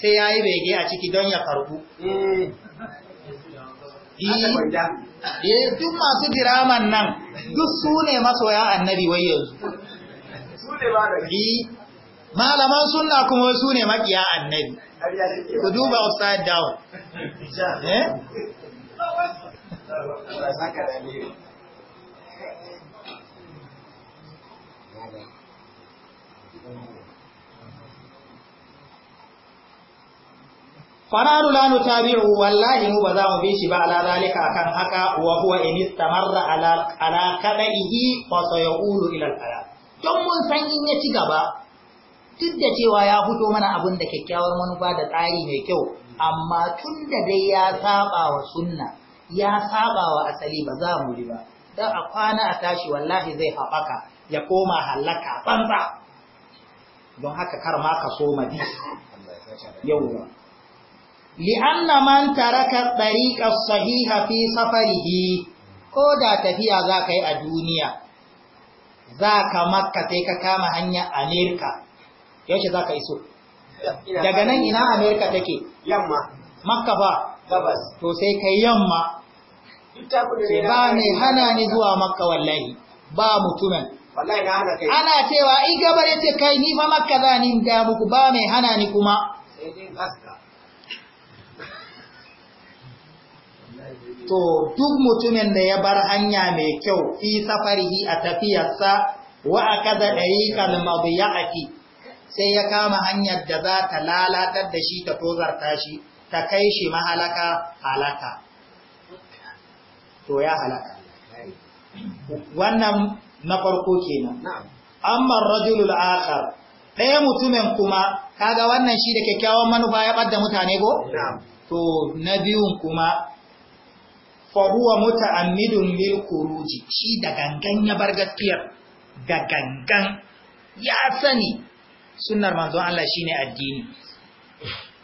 A: sai ya yi bege a ciki don ya karbu mm. Eh. Eh, duk masu diraman nan duk su ne masoya annabi wai yanzu eh, malaman sunna kuma su ne makiya annabi ku duba upside down ta la nutabi'u wallahi mu ba za mu bi shi ba ala zalika akan haka wa huwa in istamarra ala ala kadaihi fa sayulu ila al don mun san in ya ci gaba duk da cewa ya fito mana abin da kyakkyawar manufa da tsari mai kyau amma tun da dai ya saba wa sunna ya saba wa asali ba za mu bi ba dan a kwana a tashi wallahi zai haɓaka ya koma halaka banza don haka kar ma ka so madi yauwa li'anna man taraka ɗariƙar sahiha fi safarihi ko da tafiya za ka yi a duniya za ka makka sai ka kama hanya amerika yaushe za ka iso daga nan ina amerika take yamma makka ba to sai ka yamma ba mai hana ni zuwa makka wallahi ba mutumin ana cewa in gabar ce kai ni fa makka za ni da muku ba mai hana ni kuma to duk mutumin da ya bar hanya mai kyau fi safarihi a tafiyarsa wa akaza ya madiyati sai ya kama hanyar da za ta lalatar da shi ta tozarta shi ta kai shi mahalaka halaka to ya halaka wannan na farko kenan amma rajulul akhar ɗaya mutumin kuma kaga wannan shi da kyakkyawan manufa ya ɓadda mutane go to na biyun kuma fahuwa muta'ammidun lil khuruji shi da gangan ya bar gaskiyar da gangan ya sani sunnar manzon Allah shine addini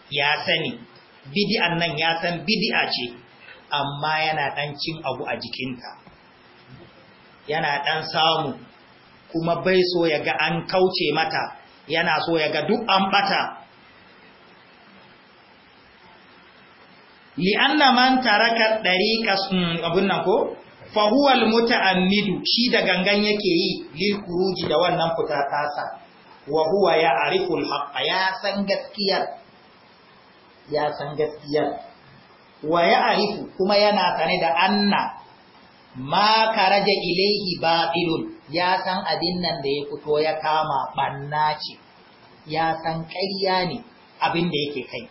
A: ya sani bid'an nan ya san bid'a ce amma yana dan cin abu a jikinta yana dan samu kuma bai so ya ga an kauce mata yana so ya ga duk an bata li'anna man taraka dariqas mm, abun nan ko fa huwa almutaammidu shi da gangan yake yi lil kuruji da wannan fita tasa wa huwa ya'rifu alhaqqa ya san gaskiya ya san gaskiyar wa ya'rifu kuma yana sane da anna ma karaja ilaihi batilun ya san abin nan da ya fito ya kama banna ce ya san ƙarya ne abin da yake kai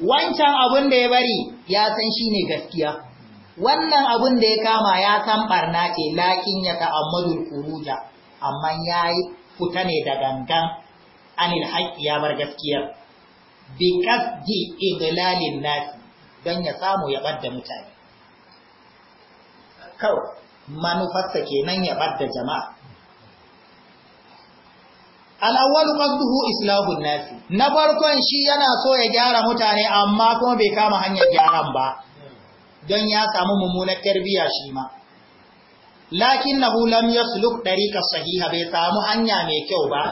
A: wancan abin da ya bari ya san shi ne gaskiya wannan abin da ya kama ya san barna ce lakin ya ta'ammadul kuruja amma ya yi fita ne da gangan anil haƙƙi ya bar gaskiya. bi ji idlalin nasi don ya samu ya da mutane kawai manufarsa kenan ya da jama'a al'awwal qasduhu islahun nasi na farkon shi yana so ya gyara mutane amma kuma bai kama hanyar gyaran ba don ya samu mummunar tarbiyya shi ma na lakinnahu lam ɗari dariqa sahiha bai samu hanya mai kyau ba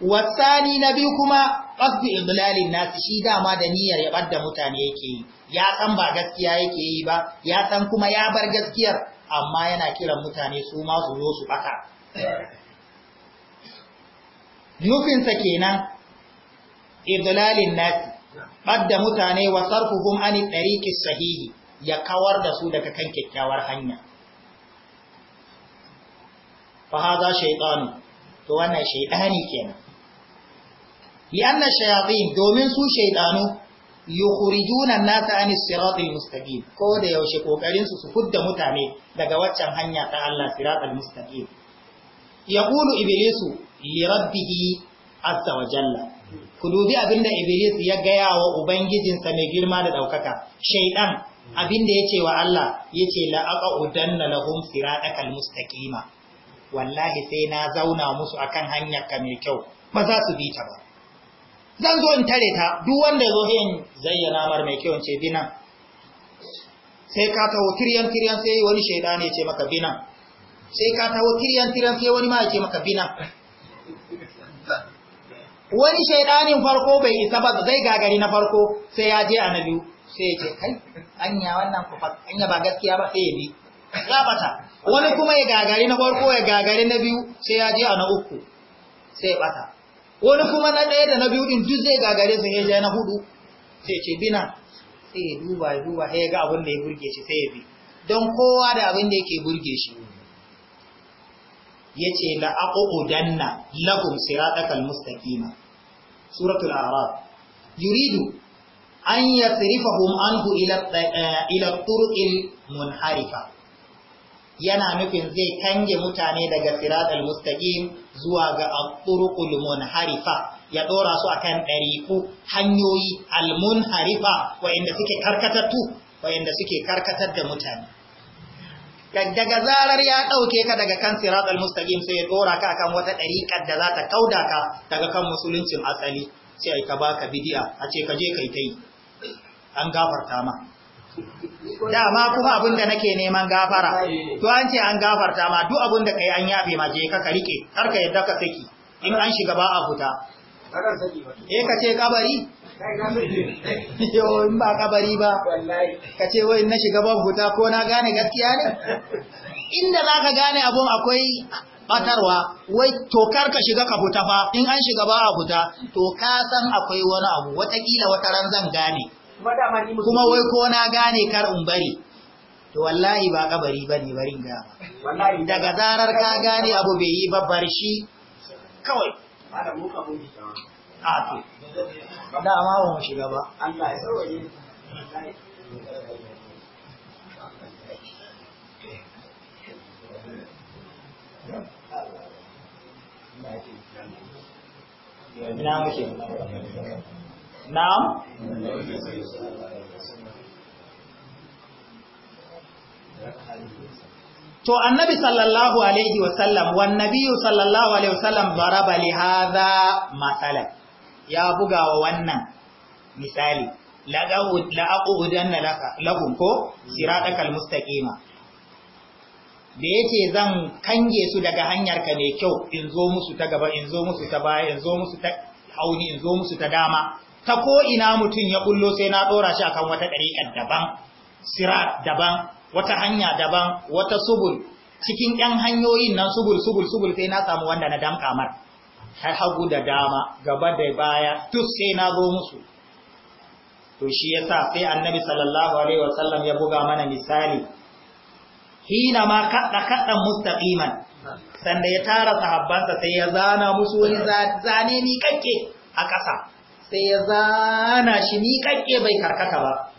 A: wasani na biyu kuma qasdu na nasi shi dama da niyyar ya ɓadda mutane yake yi ya san ba gaskiya yake yi ba ya san kuma ya bar gaskiyar amma yana kiran mutane su ma su zo su baka nufinsa kenan idlalin nasi ɓadda mutane wa sarfuhum ani ɗariƙi sahihi ya kawar da su daga kan kyakkyawar hanya fahaza shaiɗanu to wannan shaiɗani kenan li'anna shayatin domin su shaiɗanu yukhrijuna an-nasa ani siratil mustaqim ko da yaushe kokarin su su fudda mutane daga waccan hanya ta Allah siratal mustaqim yaqulu iblisu lirabbihi azza wa jalla ku dubi abinda iblis ya gaya wa ubangijinsa mai girma da daukaka shaydan abinda yace wa Allah yace la udanna lahum siratal mustaqima wallahi sai na zauna musu akan hanyar ka mai kyau ba za su bi ta ba zan zo in tare ta duk wanda zo hin zayyana mar mai kyau in ce bina sai ka tawo kiryan kiryan sai wani shaydan ya ce maka bina sai ka tawo kiryan kiryan sai wani ma ya ce maka bina wani shaidanin farko bai isa ba zai gagari na farko sai ya je a na biyu sai ya ce kai anya wannan anya ba gaskiya ba sai ya bi rabata wani kuma ya gagari na farko ya gagari na biyu sai ya je a na uku sai ya bata wani kuma na ɗaya da na biyu din duk zai gagare sai ya je na hudu sai ya ce bina sai ya duba ya duba sai ya ga abin da ya burge shi sai ya bi don kowa da abin da yake burge shi yace la aqudanna lahum siratakal mustaqima suratul a'raf yuridu an yasrifahum anhu ila eh, ila munharifa yana nufin zai kange mutane daga siratal mustaqim zuwa ga turuqul munharifa ya ɗora su a kan ɗariku hanyoyi almunharifa munharifa wa'inda suke karkatattu wa'inda suke karkatar da mutane daga zarar ya ɗauke ka daga kan siratul al-mustaqim sai ya dora ka akan wata ɗariƙar da za ta kauda ka daga kan musuluncin asali sai ai ka baka bid'a a ce ka je kai kai an gafarta ma dama kuma abin da nake neman gafara to an ce an gafarta ma duk abin da kai an yafe ma je ka karike rike har ka yadda ka saki in an shiga ba a huta. eh ka ce kabari
B: yau
A: in ba kabari ba ka ce wai na shiga ban huta ko na gane gaskiya ne inda za ka gane abun akwai batarwa wai tokar ka shiga ka huta fa in an shiga ba a huta to ka san akwai wani abu watakila wata ran zan gane kuma wai ko na gane kar in bari to wallahi ba kabari ba ne barin ga. daga zarar ka gane abu bai yi babbar shi
B: kawai آتي
A: لا ما هو مش بابا
B: الله يسوي
A: نعم نعم تو النبي صلى الله عليه وسلم والنبي صلى الله عليه وسلم ضرب لهذا مثلا ya buga wa wannan misali na lagun ko siratal mustaqima da ce zan kange su daga hanyar ka mai kyau in zo musu ta gaba in zo musu ta baya in zo musu ta hauni in zo musu ta dama ta ko ina mutun ya kullo sai na dora shi akan wata ɗariƙar daban sirat daban wata hanya daban wata subul cikin ɗan hanyoyin nan subul subul subul sai na samu wanda na damƙa mar har hagu da dama gaba da baya duk sai na zo musu to shi yasa sai annabi sallallahu alaihi wasallam ya buga mana misali hina ma kadda kadda mustaqiman sanda ya tara sahabbansa sai ya zana musu wani zane ni kakke a ƙasa sai ya zana shi ni kakke bai karkata ba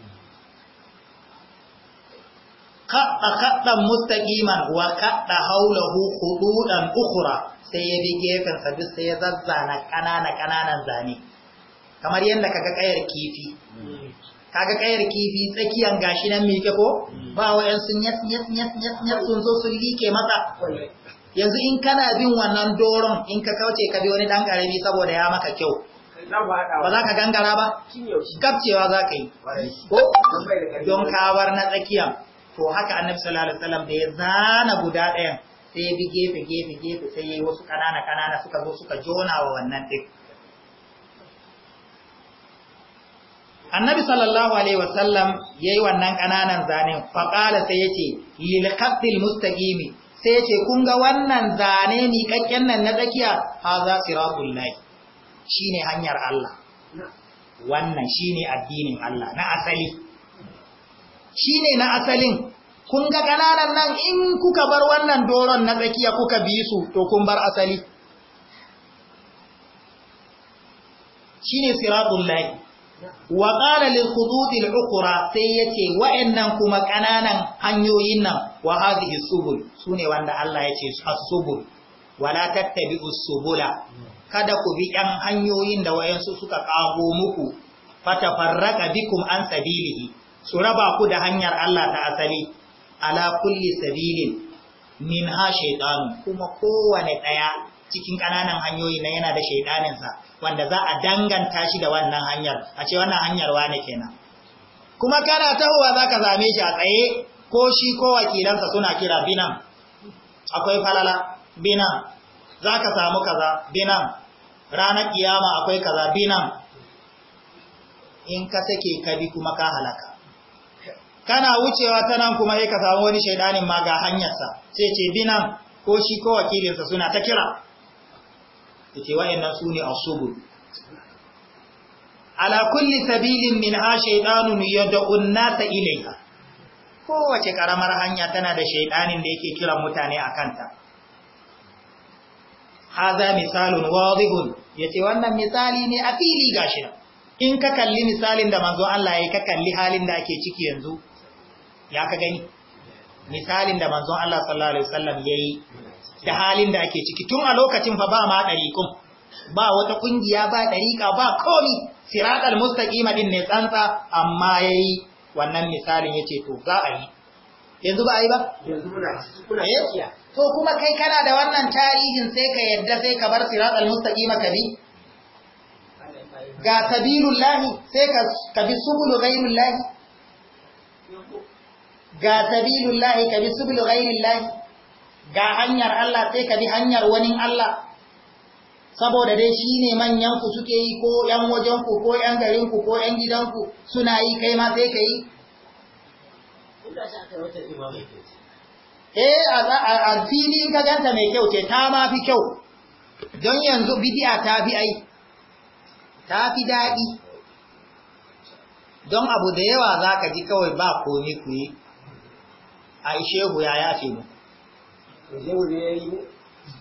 A: kaɗa kaɗan mustaƙiman wa kaɗa haulahu hududan ukura sai ya bi gefen duk sai ya zazzana ƙanana ƙananan zane kamar yadda kaga ƙayar kifi kaga ƙayar kifi tsakiyan gashi nan mike ko ba wa'yan sun yas yas yas yas yas sun zo sun like masa yanzu in kana bin wannan doron in ka kauce ka bi wani dan karami saboda ya maka kyau ba za ka gangara ba gabcewa za ka yi ko don kawar na tsakiyan to haka annabi sallallahu alaihi wasallam da ya zana guda ɗayan sai ya bi gefe gefe gefe sai ya yi wasu ƙanana ƙanana suka zo suka jona wa wannan ɗin annabi sallallahu alaihi wasallam ya yi wannan ƙananan zanen faƙala sai ya ce lilkafil mustaƙimi sai ya ce kun ga wannan zane miƙaƙƙen nan na tsakiya ha za siratun lai shi ne hanyar Allah wannan shi ne addinin Allah na asali Shi ne na asalin kun ga ƙananan nan in kuka bar wannan doron na tsakiya kuka bi su to kun bar asali Shi ne lahi wa qala lil khududil ukra sai yace wa'annan kuma ƙananan hanyoyin nan wa subul sune wanda Allah yace as-subul wala tattabi subula kada ku bi 'yan hanyoyin da wayansu suka kago muku fatafarraka bikum an sabilihi su raba ku da hanyar Allah ta asali ala kulli sabilin min ha shaiɗanu. kuma kowane daya cikin ƙananan hanyoyi na yana da shaidaninsa wanda za a danganta shi da wannan hanyar a ce wannan hanyar wane kenan kuma kana tahowa za ka zame shi a tsaye ko shi ko wakilansa suna kira binan akwai falala binan za ka samu kaza binan ranar kiyama akwai kaza binan in ka sake ka bi kuma ka halaka kana wucewa ta nan kuma sai ka samu wani shaidanin ma ga hanyarsa sai ce binan ko shi ko wakilinsa suna ta kira yace wayannan ne asubul ala kulli sabilin minha shaytanun yad'u an-nasa ilayha kowace karamar hanya tana da shaydanin da yake kira mutane akanta haza misalun wadihun yace wannan misali ne a fili gashi in ka kalli misalin da manzo Allah ya yi ka kalli halin da ake ciki yanzu ya ka gani misalin da manzon Allah sallallahu alaihi wasallam yayi da halin da ake ciki tun a lokacin fa ba ma dariqum ba wata kungiya ba dariqa ba komi siratal mustaqima din ne tsantsa amma yayi wannan misalin yace to za a yi yanzu ba a yi ba yanzu kuna eh? to kuma kai kana da wannan tarihin sai ka yadda sai ka bar siratal mustaqima ka bi ga sabilullahi sai ka bi subul ghayrullahi ga sabilullahi ka bi subul ghairillahi ga hanyar Allah sai ka bi hanyar wani Allah saboda dai shine manyan ku suke yi ko yan wajen ku ko yan garin ku ko yan gidan ku suna yi kai ma sai ka yi eh a fili ka ganta mai kyau ce ta ma fi kyau don yanzu bidiya ta fi ai ta fi daɗi don abu da yawa zaka ji kawai ba komai ku yi ai shehu ya ne ya ce ne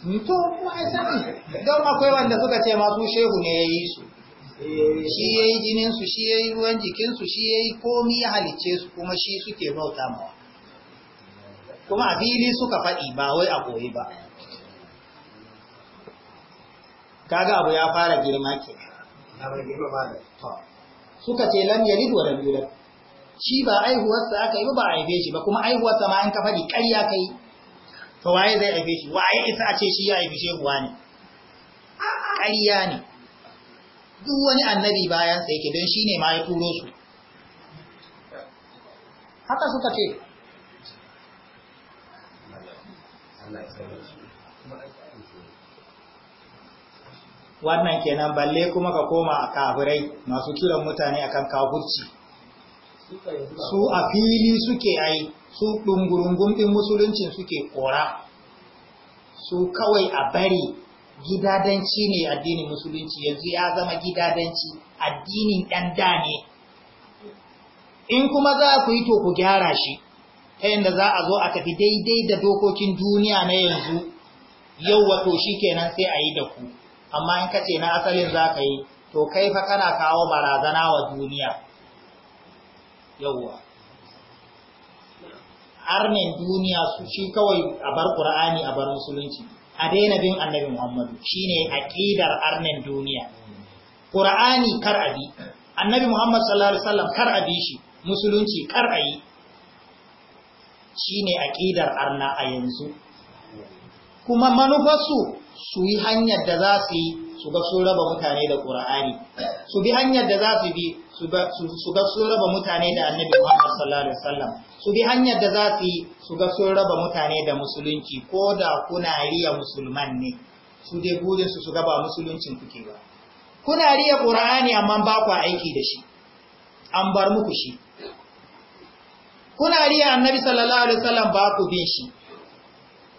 A: hmm, to kuma ai sani don akwai wanda suka ce masu shehu ne ya yi su eh. shi ya yi su, shi ya yi ruwan su, shi ya yi komi ya halicce su kuma shi suke bauta mawa kuma a fili suka faɗi ba wai a koyi ba kaga abu ya fara girma ke suka ce lam yalid wa lam yulad shi ba aihuwarsa aka yi ba ba a haife shi ba kuma aihuwarsa ma an ka faɗi ƙarya kai to waye zai haife shi waye isa a ce shi ya haifi shehuwa ne ƙarya ne duk wani annabi bayan sa yake don shi ne ma ya turo su haka suka ce wannan kenan balle kuma ka koma a kafirai masu kiran mutane akan kafurci su a fili suke ai su ɗungurungun ɗin musuluncin suke kora su kawai a bari gidadanci ne addinin musulunci yanzu ya zama gidadanci addinin ɗan da ne in kuma za ku yi to ku gyara shi ta yadda za a zo a tafi daidai da dokokin duniya na yanzu yau wato shi kenan sai a yi da ku amma in ka ce na asalin za ka yi to kai fa kana kawo barazana wa duniya yawwa armen duniya su shi kawai a bar qur'ani a bar musulunci a daina bin annabi muhammadu shine aqidar armen duniya qur'ani kar abi annabi muhammad sallallahu alaihi wasallam kar abi shi musulunci kar ayi shine aqidar arna a yanzu kuma manufarsu su yi hanyar da za su yi su ga sun raba mutane da Qur'ani su bi hanyar da za su bi su ga sun raba mutane da Annabi Muhammad sallallahu alaihi wasallam su bi hanyar da za su yi su ga sun raba mutane da musulunci ko da kuna riya musulman ne su dai burin su su ga ba musuluncin kuke ba kuna riya ƙura'ani amma ba ku aiki da shi an bar muku shi kuna riya Annabi sallallahu alaihi wasallam ba ku bin shi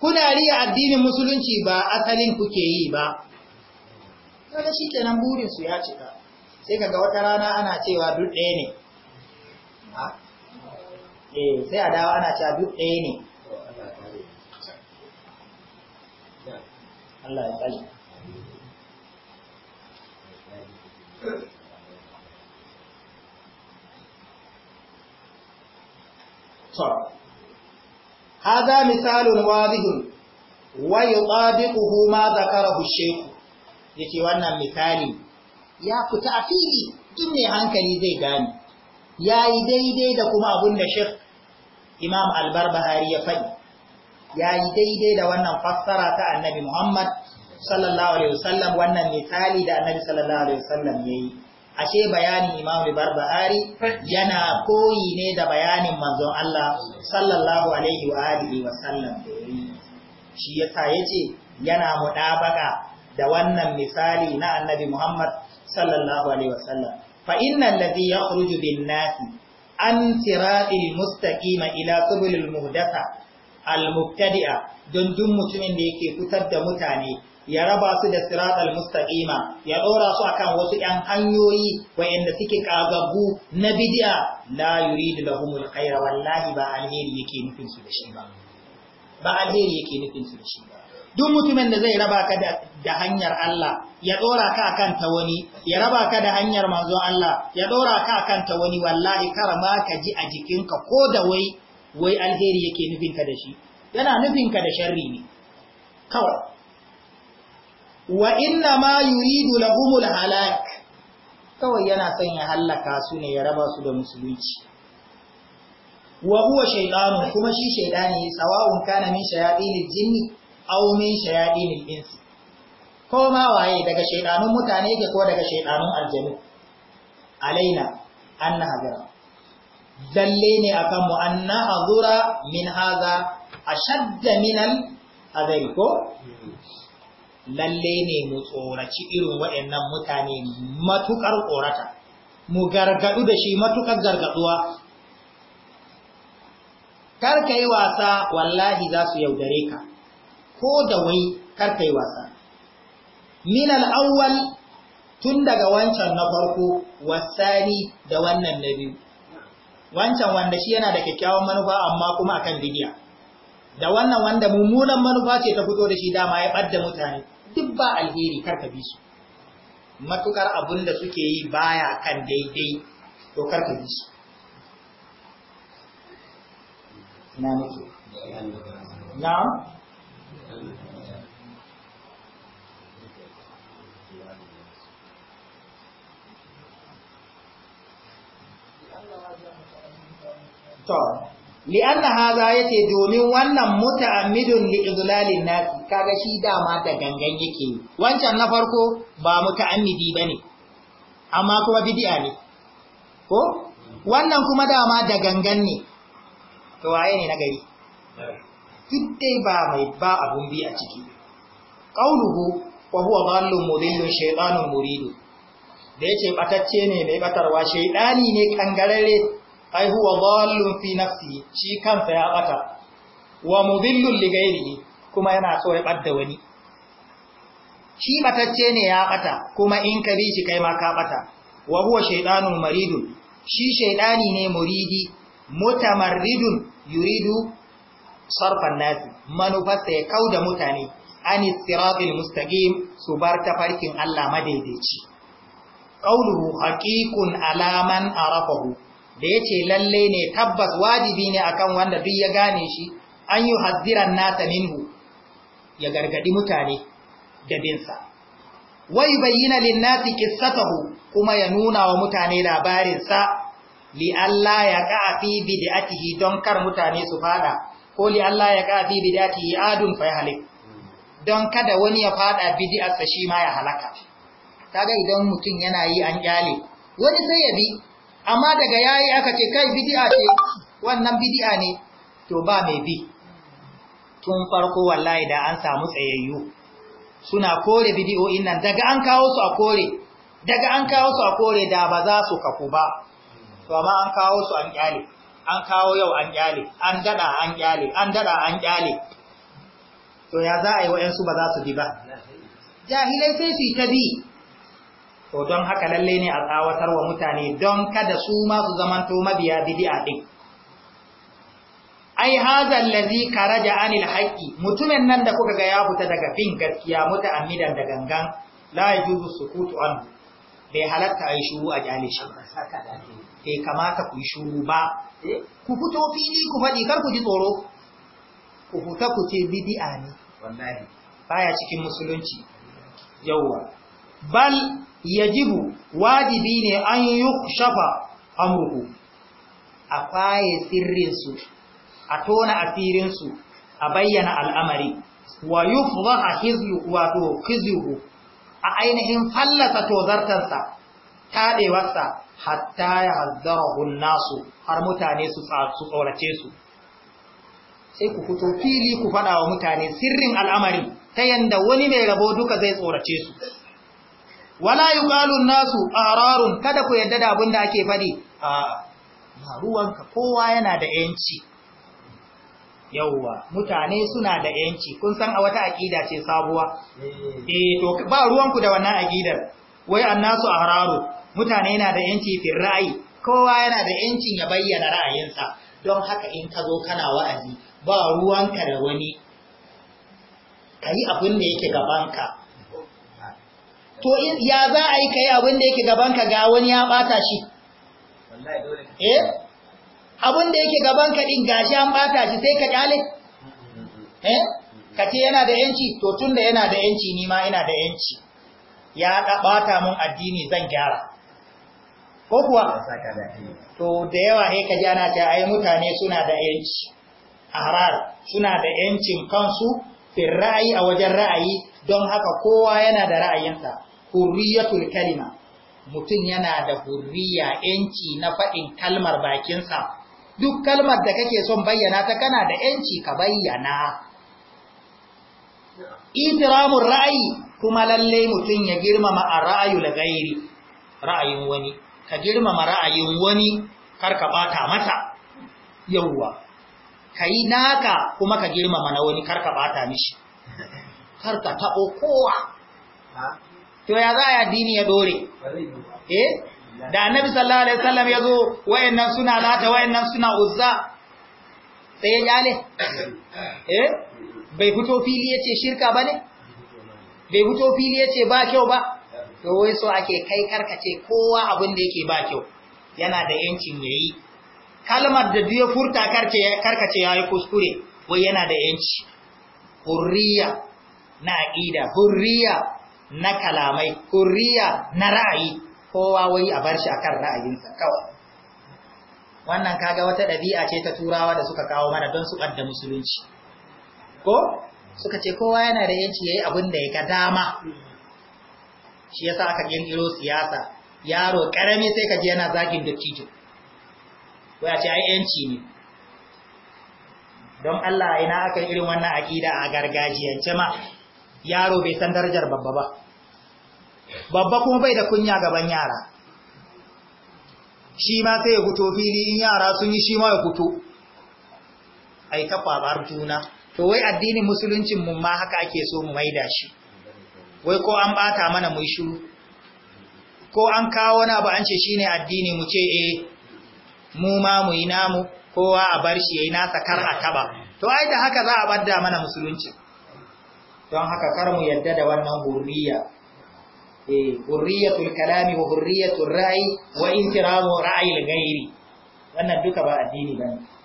A: kuna riya addinin musulunci ba asalin kuke yi ba kaga shi kenan burin su ya cika sai kaga wata rana ana cewa duk ɗaya ne eh, sai a dawo ana cewa duk ɗaya ne Allah ya tsali هذا مثال واضح ويطابقه ما ذكره الشيخ yace wannan misali ya fita a fili duk mai hankali zai gane yi daidai da kuma abun da Sheikh Imam Al-Barbahari ya faɗi Ya yi daidai da wannan fassara ta Annabi Muhammad sallallahu alaihi wasallam wannan misali da Annabi sallallahu alaihi wasallam yi. ashe bayanin Imam Al-Barbahari yana koyi ne da bayanin manzon Allah sallallahu alaihi wa alihi wasallam da yayi shi ya ce yana mu mudabaka da wannan misali na annabi Muhammad sallallahu alaihi wasallam fa innal ladhi yakhruju bin nasi an siratil mustaqim ila tsibirin muhdasa al muktadia don jin mutumin da yake fitar da mutane ya raba su da siratal mustaqima ya ɗora su akan wasu 'yan hanyoyi wayanda suke ƙagagu na bid'a la yuridu lahumul khaira wallahi ba alheri yake nufin da shi ba ba alheri yake nufin su da shi ba duk mutumin da zai raba ka da hanyar Allah ya dora ka akan ta wani ya raba ka da hanyar manzon Allah ya dora ka akan ta wani wallahi karama ka ji a jikinka ko da wai wai alheri yake nufin ka da shi yana nufin ka da sharri ne kawai wa inna ma yuridu lahumul halak kawai yana son ya hallaka su ne ya raba su da musulunci wa huwa shaytanu kuma shi shaytani sawa'un kana min shayatin jinni aumin shayadinil insi ko ma waye daga shaidanun mutane yake ko daga shaidanun aljanu alaina anna hadara dalle ne akan mu anna hadura min haza ashadd min al hadai ko lalle ne mu tsoraci irin waɗannan mutane matukar tsorata mu gargadu da shi matukar gargaduwa kar ka yi wasa wallahi za su yaudare ka ko da wai karka yi wasa min al'awwal tun daga wancan na farko wasani da wannan na biyu wancan wanda shi yana da kyakkyawan manufa amma kuma akan bidiya da wannan wanda mummunan manufa ce ta fito da shi dama ya ɓadda mutane duk ba alheri karka bi su matukar abin da suke yi baya kan daidai to karka bi su na nake na To, li'anna haza ya ce domin wannan muta'ammidun li'izlalin nasi, kaga shi dama da gangan yake wancan na farko ba muta'ammidi ba ne, amma kuma bidi'a ne, ko? Wannan kuma dama da gangan ne, to waye ne na gari? kitte ba mai ba abun bi a ciki qauluhu wa huwa dhallun mudillun shaytanun muridu da yace batacce ne mai batarwa shaydani ne kangarare ai huwa dhallun fi nafsi shi kansa ya bata wa mudillun li ghairihi kuma yana so ya badda wani shi batacce ne ya bata kuma in ka bi shi kai ma ka bata wa huwa shaytanun muridu shi shaydani ne muridi mutamarridun yuridu sarfan nasi manufarsa ya kau da mutane an istirabil mustaqim su bar tafarkin Allah madaidaici qauluhu haƙiƙun alaman arafahu da yace lalle ne tabbas wajibi ne akan wanda duk ya gane shi an yi haziran nasa minhu ya gargadi mutane da binsa wai bayyana linnasi qissatahu kuma ya nuna wa mutane labarin sa li Allah ya ka'a fi bid'atihi don kar mutane su fada ko li Allah ya ga bi ya adun fa halik don kada wani ya fada bid'ar sa shi ma ya halaka kaga idan mutum yana yi an kyale wani sai ya bi amma daga yayi aka ce kai bid'a ce wannan bid'a ne to ba mai bi tun farko wallahi da an samu tsayayyu suna kore bidiyoyin nan daga an kawo su a kore daga an kawo su a kore da ba za su kafu ba to amma an kawo su an kyale an kawo yau an kyale an dada an kyale an dada an kyale to ya za a yi wa'yansu ba za su bi ba jahilai sai su yi ta bi to don haka lalle ne a tsawatar wa mutane don kada su ma su zamanto mabiya bidi'a din ai hazal ladhi karaja anil haqqi mutumin nan da kuka ga ya fita daga fin gaskiya amidan da gangan la yujuzu sukutu an bai halatta ai shuru a jalishin. bai kamata ku yi shuru ba eh, ku fito fili ku faɗi kar ku ji tsoro ku fita ku ce bid'a ne wallahi baya cikin musulunci yauwa. bal yajibu wajibi ne an shafa amurku, a kwaye sirrinsu a tona a asirinsu a bayyana al'amari wa a hizlu wato khizhu a ainihin fallasa tozartarsa taɗewarsa hatta ya azzarahun nasu har mutane su tsorace su sai ku fito fili ku faɗa wa mutane sirrin al'amari ta yanda wani mai rabo duka zai tsorace su wala yi nasu ararun, kada ku yadda da abin da ake faɗi a ruwanka kowa yana da ‘yanci yauwa mutane suna da ‘yanci kun san a wata aƙida ce sabuwa eh, eh to ba ruwanku da wannan aƙidar wai annasu ahraru mutane na da yanci fi ra'ayi kowa yana da yancin ya bayyana ra'ayinsa don haka in ka zo kana wa'azi ba ruwanka da wani ka yi abin da yake gabanka to ya za a yi ka yi abin da yake gabanka ga wani ya bata shi eh abin da yake gabanka din gashi an bata shi sai ka kyale eh ka ce yana da yanci to tunda yana da yanci ni ma ina da yanci ya ɓata mun addini zan gyara ko kuwa to da yawa sai ka jana ta, ai mutane suna da yanci ahrar suna da yancin kansu fil ra'ayi a wajen ra'ayi don haka kowa yana da ra'ayinsa hurriyatul kalima mutum yana da hurriya yanci na faɗin kalmar bakinsa duk kalmar da kake son bayyana ta kana da yanci ka bayyana itiramun ra'ayi kuma lalle mutum ya girmama a ra'ayu da gairi ra'ayin wani ka girmama ra'ayin wani karka bata mata yawwa ka yi naka kuma ka girmama na wani karka bata mishi karka taɓo kowa to ya za a addini ya dore eh da annabi sallallahu alaihi wasallam ya zo wayannan suna lata wayannan suna uzza sai ya kyale eh bai fito fili yace shirka bane bai fito fili ce ba kyau ba to wai so ake kai karkace kowa abin da yake ba kyau yana da yancin yayi kalmar da duya furta karkace karkace yayi kuskure wai yana da yanci hurriya na aqida hurriya na kalamai hurriya na ra'ayi kowa wai a bar shi akan ra'ayinsa kawai wannan kaga wata ɗabi'a ce ta turawa da suka kawo mana don su ɓadda musulunci ko suka ce kowa yana da yanci yayi abin da ya ga dama shi yasa aka kirkiro siyasa yaro karami sai ka je yana zakin dattijo waya ce ai yanci ne don Allah ina aka irin wannan akida a gargajiyance ma yaro bai san darajar babba ba babba kuma bai da kunya gaban yara shi ma sai ya fito fili in yara sun yi shi ma ya fito ai kafa bar juna to wai addinin musuluncin mu ma haka ake so mu maida shi wai ko an bata mana mu shiru ko an kawo na ba an ce shine addini mu ce eh mu ma mu yi namu kowa a bar shi yayi nasa kar a taba to ai da haka za a badda mana musulunci don haka kar mu yadda da wannan hurriya eh hurriyatul kalami wa hurriyatul ra'i wa intiramu ra'ayil ghairi wannan duka ba addini bane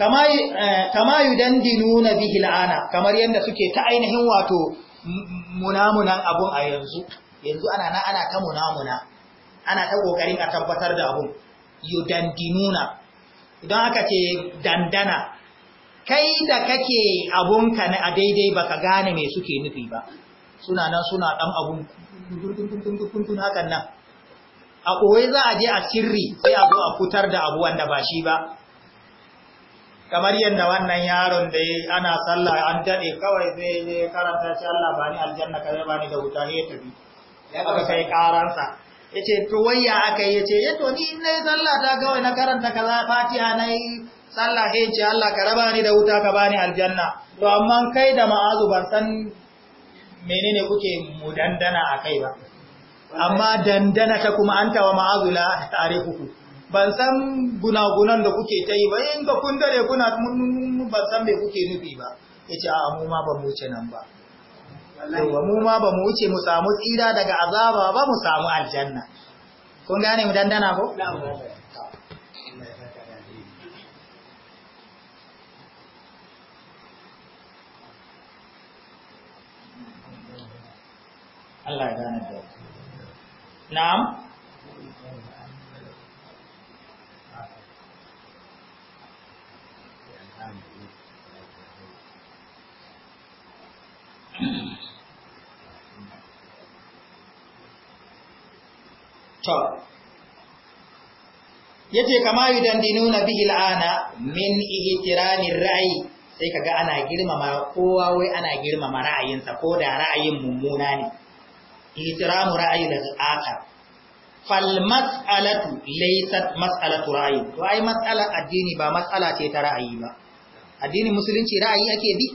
A: kama eh, nuna bihi la'ana kamar yadda suke ta ainihin wato munamunan abun a yanzu yanzu ana na ana ta munamuna ana ta kokarin a tabbatar da abun nuna don aka ce dandana kai da kake abunka na a daidai baka gane mai suke nufi ba suna nan suna dan abun kuntun hakan nan a koyi za a je a sirri sai a zo a fitar da abu wanda ba shi ba kamar yadda wannan yaron da ya ana sallah an daɗe kawai zai yi karanta shi Allah bani aljanna ka zai ni da wuta ya tafi aka kai karansa ya ce to wayya aka yi ya ce ya eh, to ni na yi sallah ta kawai na karanta kaza fatiha na yi sallah ya ce Allah ka raba ni da wuta ka bani aljanna to amma kai da ma'azu ban san menene kuke mu dandana a kai ba amma dandana ta kuma anta wa ma'azu la ta'rifuhu ban san gunagunan da kuke ta yi ba yin ba kun dare kuna ban san me kuke nufi ba ya ce a mu ma ba mu wuce nan ba yawa mu ma ba mu wuce mu samu tsira daga azaba ba mu samu aljanna kun gane mu dandana ko Allah ya gane da na'am yace kama idan nuna bihi al'ana min ihtiramir ra'i sai kaga ana girmama kowa wai ana girmama ra'ayinsa ko da ra'ayin mummuna ne ihtiramu ra'yi da akhar fal mas'alatu laysat mas'alatu ra'i to ai mas'ala addini ba mas'ala ce ta ra'ayi ba addinin musulunci ra'ayi ake bi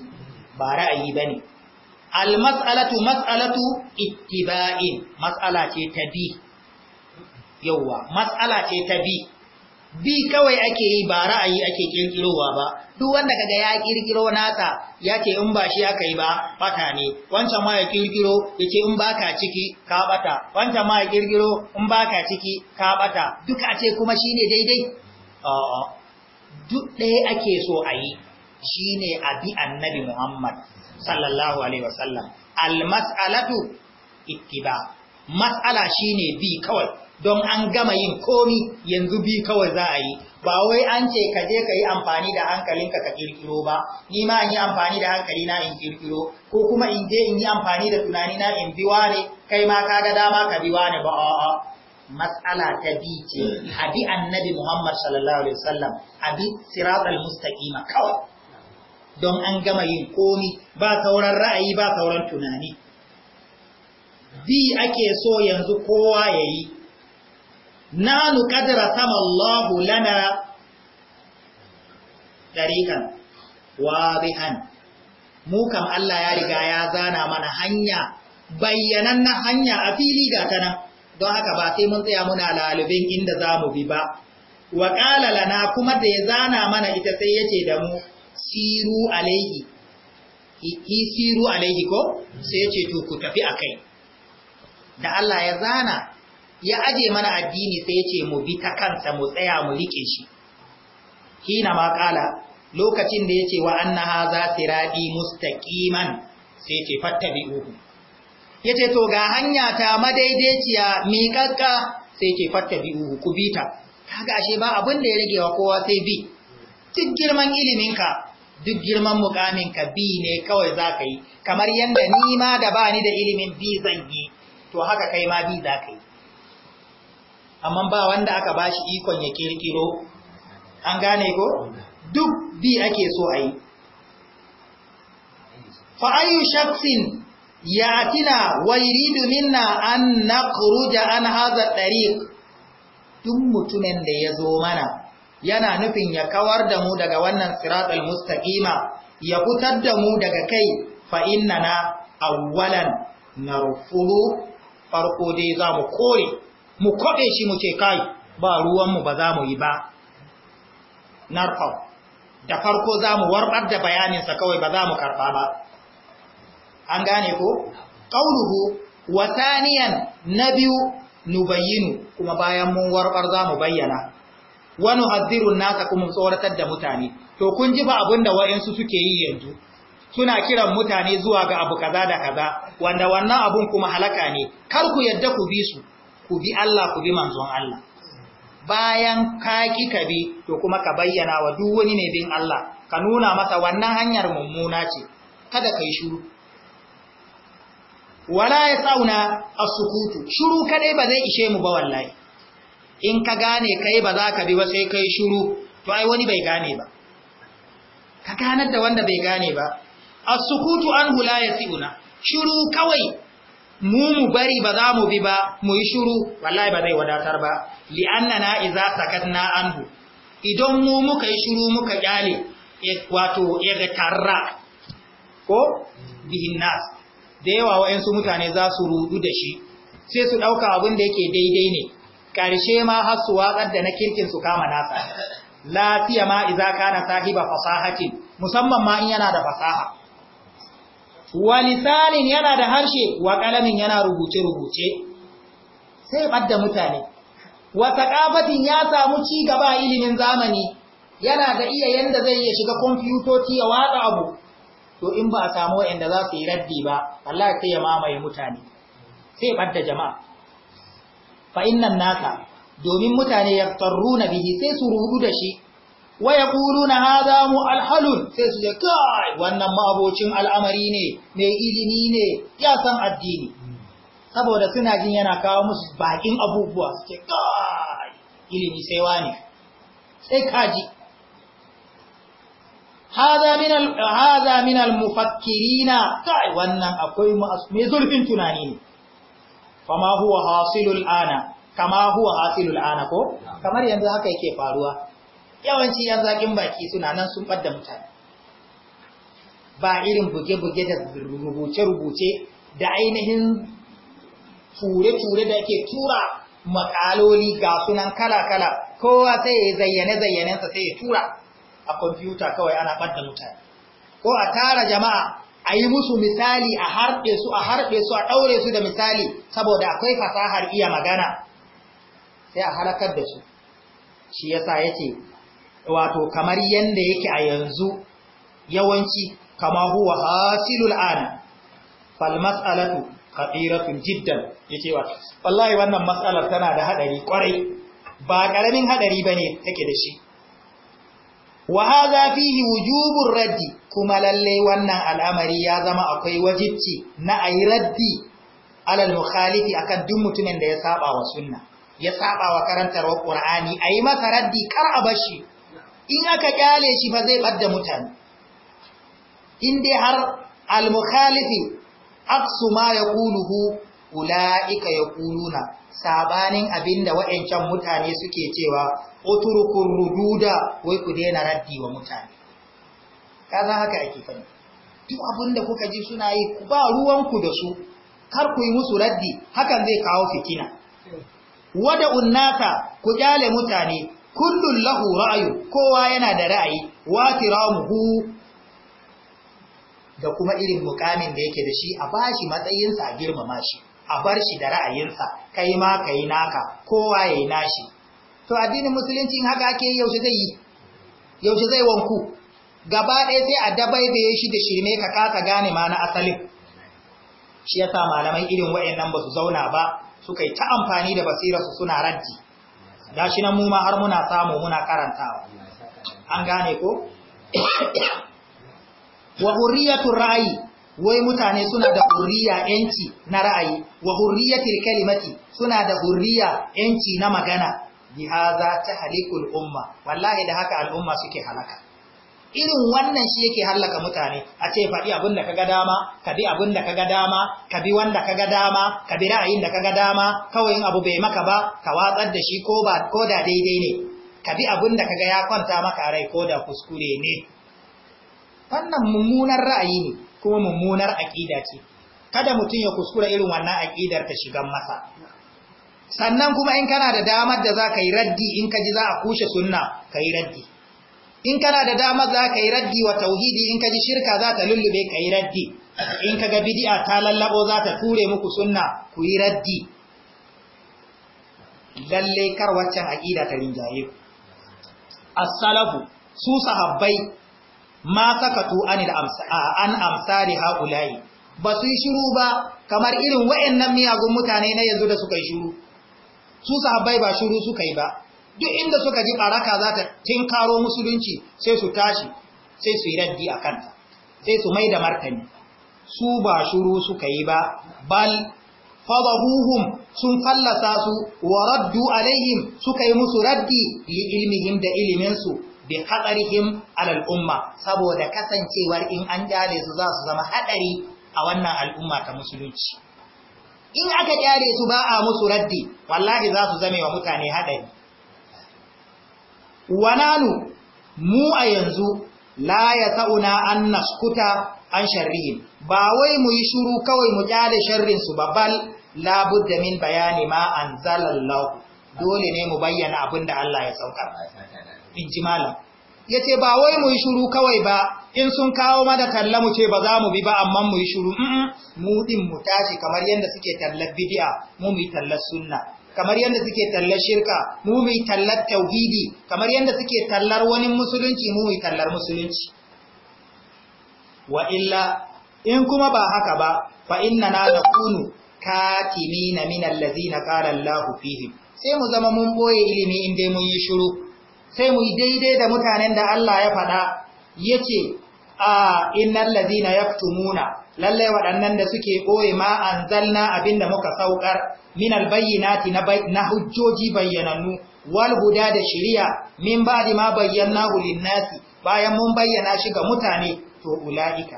A: ba ra'ayi bane al mas'alatu mas'alatu ittiba'in mas'ala ce ta bi yauwa matsala ce ta bi bi kawai ake yi ba ra'ayi ake kirkirowa ba duk wanda kaga ya kirkiro nasa ya ce in ba shi aka yi ba bata ne wancan ma ya kirkiro ya ce in baka ciki ka bata wancan ma ya kirkiro in baka ciki ka bata duk a ce kuma shine daidai a'a duk ɗaya ake so a yi shine bi annabi Muhammad sallallahu alaihi wasallam al mas'alatu ittiba mas'ala shine bi kawai don an gama yin komi yanzu bi kawai za a yi ba wai an ce ka je ka yi amfani da hankalinka ka kirkiro ba ni ma in yi amfani da hankali na in kirkiro ko kuma in je in yi amfani da tunani na in biwa ne kai ma ka ga dama ka biwa ne ba a'a matsala ta bi ce a bi annabi Muhammad sallallahu alaihi wasallam a bi siratal mustaqima kawai don an gama yin komi ba sauran ra'ayi ba sauran tunani bi ake so yanzu kowa yayi nanu kadara sama Allahu lana dariqan wadihan mu kam Allah ya riga ya zana mana hanya bayyanan hanya a fili ga tana don haka ba sai mun tsaya muna lalubin inda zamu bi ba wa na lana kuma da ya zana mana ita sai yace da mu siru alaihi isiru alaihi ko sai ce to ku tafi kai. da Allah ya zana ya aje mana addini sai ya ce mu bi ta kansa mu tsaya mu rike shi hina ma kala lokacin da yace wa anna hadha siradi mustaqiman sai fatta uku. Ya yace to ga hanya ta madaidaiciya miƙaƙƙa sai bi uku ku bi ta kaga ashe ba abin da ya rage wa kowa sai bi duk girman iliminka duk girman mukaminka bi ne kawai za ka yi kamar yadda ni ma da bani da ilimin bi zan yi to haka kai ma bi za ka yi amma ba wanda aka ba shi ikon ya kirkiro an gane ko duk bi ake so a yi fa'ayu shaksin ya tina wairidu minna an na kuruja an haza ɗari. duk mutumin da ya zo mana yana nufin ya kawar da mu daga wannan siratul mustaqima, ya fitar da mu daga kai fa'inna na awwalan na rufuru farko dai za mu kore mu kwaɓe shi mu ce kai ba ruwanmu ba za mu yi ba narfa da farko za mu warbar da bayaninsa kawai ba za mu karfa ba an gane ko ƙauluhu wasaniyan na biyu nubayinu kuma bayan mun warɓar za mu bayyana wani hazirun nasa kuma tsoratar da mutane to kun ji ba abin da wa'insu suke yi yanzu suna kiran mutane zuwa ga abu kaza da kaza wanda wannan abun kuma halaka ne kar ku yadda ku bi su ku bi Allah ku bi manzon Allah bayan ka ki ka bi to kuma ka bayyana wa duk wani ne bin Allah ka nuna masa wannan hanyar mummuna ce kada kai shuru. wala ya tsauna as-sukutu shiru kadai ba zai ishe mu ba wallahi in ka gane kai ba za ka bi ba sai kai shuru. to ai wani bai gane ba ka ganar da wanda bai gane ba as-sukutu an hula ya shiru kawai mu mu bari ba za mu bi ba mu yi shuru. wallahi ba zai wadatar ba li'annana idza sakatna anhu idan mu muka yi shuru muka kyale wato yagatarra ko bihin nas da yawa wayansu mutane za su rudu da shi sai su ɗauka abin da yake daidai ne karshe ma har su watsar da na kirkin su kama nasa lafiya ma idza kana sahiba fasahatin musamman ma in yana da fasaha wa yana da harshe wa kalamin yana rubuce-rubuce sai ɓadda mutane wa saƙafatin ya samu ci gaba ilimin zamani yana da iya yanda zai iya shiga kwamfutoci ya watsa abu to in ba a samu waɗanda za su yi raddi ba Allah ya mamaye mutane sai ɓadda jama'a fa innan nasa domin mutane ya tsarru na bihi sai su rudu da shi wa yaquluna hadha alhalun, sai su ce kai wannan ma'abocin al'amari ne mai ilimi ne ya san addini saboda suna jin yana kawo musu bakin abubuwa su ce kai ilimi sai wani sai kaji hadha min al hadha min al mufakkirina kai wannan akwai mai zurfin tunani ne fama huwa hasilul ana kama huwa hasilul ana ko kamar yanzu haka yake faruwa yawanci yan zaƙin baki suna nan sun ɓadda mutane ba irin buge-buge da rubuce-rubuce da ainihin ture-ture da ke tura makaloli ga sunan kala-kala kowa sai ya zayyane-zayyanensa sai ya tura a kwamfuta kawai ana ɓadda mutane ko a tara jama'a a yi musu misali a harɗe su a harɗe su a ɗaure su da misali saboda akwai fasahar iya magana sai a halakar da su shi yasa yake wato kamar yanda yake a yanzu yawanci kama huwa hasilul an fal mas'alatu khatiratun jiddan yace wa wallahi wannan mas'alar tana da hadari kwarai ba karamin hadari bane take da shi wa hadha fihi wujubur raddi kuma lalle wannan al'amari ya zama akwai wajibci na ayi raddi alal mukhalifi akan duk mutumin da ya saba wa sunna ya saba wa karantar qur'ani ayi masa raddi kar a shi. in aka kyale shi fa zai ɓadda mutane in dai har al-mukhalifi aksu ma yaquluhu ula'ika ya na sabanin abinda wa'ancan mutane suke cewa oturukun da wai ku daina raddi wa mutane kaza haka ake fani duk abinda kuka ji suna yi ba ruwanku da su kar ku yi musu raddi hakan zai kawo fitina wada unnasa ku kyale mutane kullun lahu ra'ayu kowa yana da ra'ayi wa tiramuhu da kuma irin mukamin da yake da shi a bashi matsayinsa a girmama shi a bar shi da ra'ayinsa kai ma kai naka kowa yayi nashi to addinin musulunci haka ake yaushe zai yi yaushe zai wanku gaba ɗaya sai a dabaibaye shi da shirme ka kasa gane ma na asalin shi yasa malamai irin waɗannan ba su zauna ba suka yi ta amfani da basirarsu suna raddi gashi nan mu ma har muna samu muna karantawa an gane ko (coughs) wa hurriyatu ra'ayi wai mutane suna da hurriya yanci na ra'ayi wa hurriyatil kalimati suna da hurriya yanci na magana bi ta tahlikul umma wallahi da haka al'umma suke halaka irin wannan shi yake hallaka mutane a ce faɗi abin da kaga dama ka bi abin da kaga dama ka bi wanda kaga dama ka bi ra'ayin da kaga dama kawai in abu bai maka ba ka watsar da shi ko da daidai ne ka bi abin da kaga ya kwanta maka rai ko da kuskure ne wannan mummunar ra'ayi ne kuma mummunar aƙida ce kada mutum ya kuskura irin wannan aƙidar ta shigan masa sannan kuma in kana da damar da za ka yi raddi in ka ji za a kushe sunna ka yi raddi in kana da dama za ka yi raddi wa tauhidi in ka ji shirka za ta lullube ka yi raddi in ka ga bidi'a ta lallabo za ta ture muku sunna ku yi raddi lalle kar waccan aqida ta rinjaye ku as-salafu su sahabbai ma sakatu anil amsa an amsali haulai ba su yi shiru ba kamar irin wayannan miyagun mutane na yanzu da suka yi shiru su sahabbai ba shiru suka yi ba duk inda suka ji baraka za ta tinkaro musulunci sai su tashi sai su yi raddi a kanta sai su mai da martani su ba shuru suka yi ba bal fadahuhum sun fallasa su wa raddu alaihim suka yi musu raddi li ilmihim da iliminsu bi hadarihim alal al'umma saboda kasancewar in an jale su za su zama hadari a wannan al'umma ta musulunci in aka kyare su ba a musu raddi wallahi za su zame wa mutane hadari wananu mu a yanzu la ya ta'una an naskuta an sharrihim ba wai mu yi shuru kawai mu kyale sharrin su babal la budda min bayani ma an zalallahu. dole ne mu bayyana abin da Allah ya saukar in ji malam yace ba wai mu yi shuru kawai ba in sun kawo mana talla mu ce ba za mu bi ba amma mu yi shuru mu din mu tashi kamar yadda suke tallar bidi'a, mu mu yi tallar sunna kamar yadda suke tallar shirka mu mu tallar tauhidi kamar yadda suke tallar wani musulunci mu mu tallar musulunci wa illa in kuma ba haka ba fa inna na nakunu katimina min allazina qala Allahu fihim sai mu zama mun boye ilimi in dai mun yi shiru sai mu daidai da mutanen da Allah ya faɗa yace a innal ladina yaktumuna lalle waɗannan da suke boye ma anzalna abinda muka saukar min albayyinati na hujjoji bayyanannu wal huda da shiriya min ba'di ma bayyanahu lin bayan mun bayyana shi ga mutane to ulaika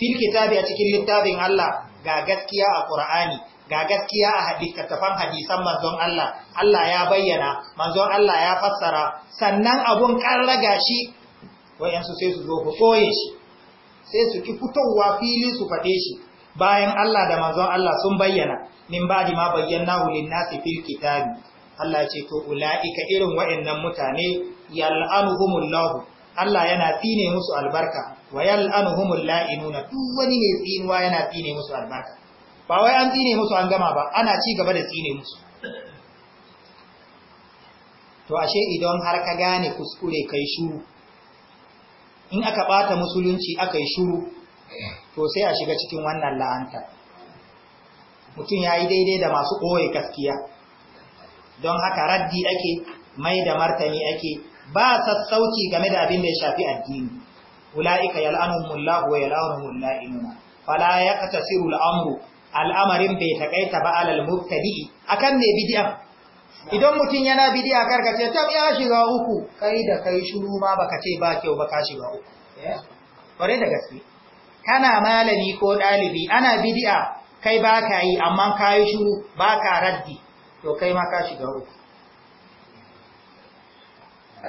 A: fil kitabi a cikin littafin Allah ga gaskiya a Qur'ani ga gaskiya a hadisatafan hadisan manzon Allah Allah ya bayyana manzon Allah ya fassara sannan abun karraga shi wayansu sai su zo ku koye shi sai su ki fitowa fili su faɗe shi bayan Allah da manzon Allah sun bayyana min ba ma bayyana lin-nasi fil kitabi Allah ce to ulaika irin wa'annan mutane lahu Allah yana tsine musu albarka wa yal'anuhumul la'inuna duk wani ne tsinuwa yana tsine musu albarka ba wai an tsine musu an gama ba ana ci gaba da tsine musu to ashe idan har ka gane kuskure kai shuru in aka bata musulunci aka yi shuru to sai a shiga cikin wannan la'anta mutum ya yi daidai da masu ɓoye gaskiya don haka raddi ake mai da martani ake ba sassauci game da abin da ya shafi addini ula'ika yal'anuhumullahu wa yal'anuhum la'inuna fala yaqtasiru al'amru al'amarin bai takaita ba alal mubtadi akan ne bidiya idan mutum yana bidiya karkace tab ya shiga uku kai da kai shuru ma baka ce ba kyau ba ka shiga uku kware eh? da gaske kana malami ko dalibi ana bidi'a. kai ba ka yi amma ka yi shuru ba ka raddi to kai ma ka shiga uku a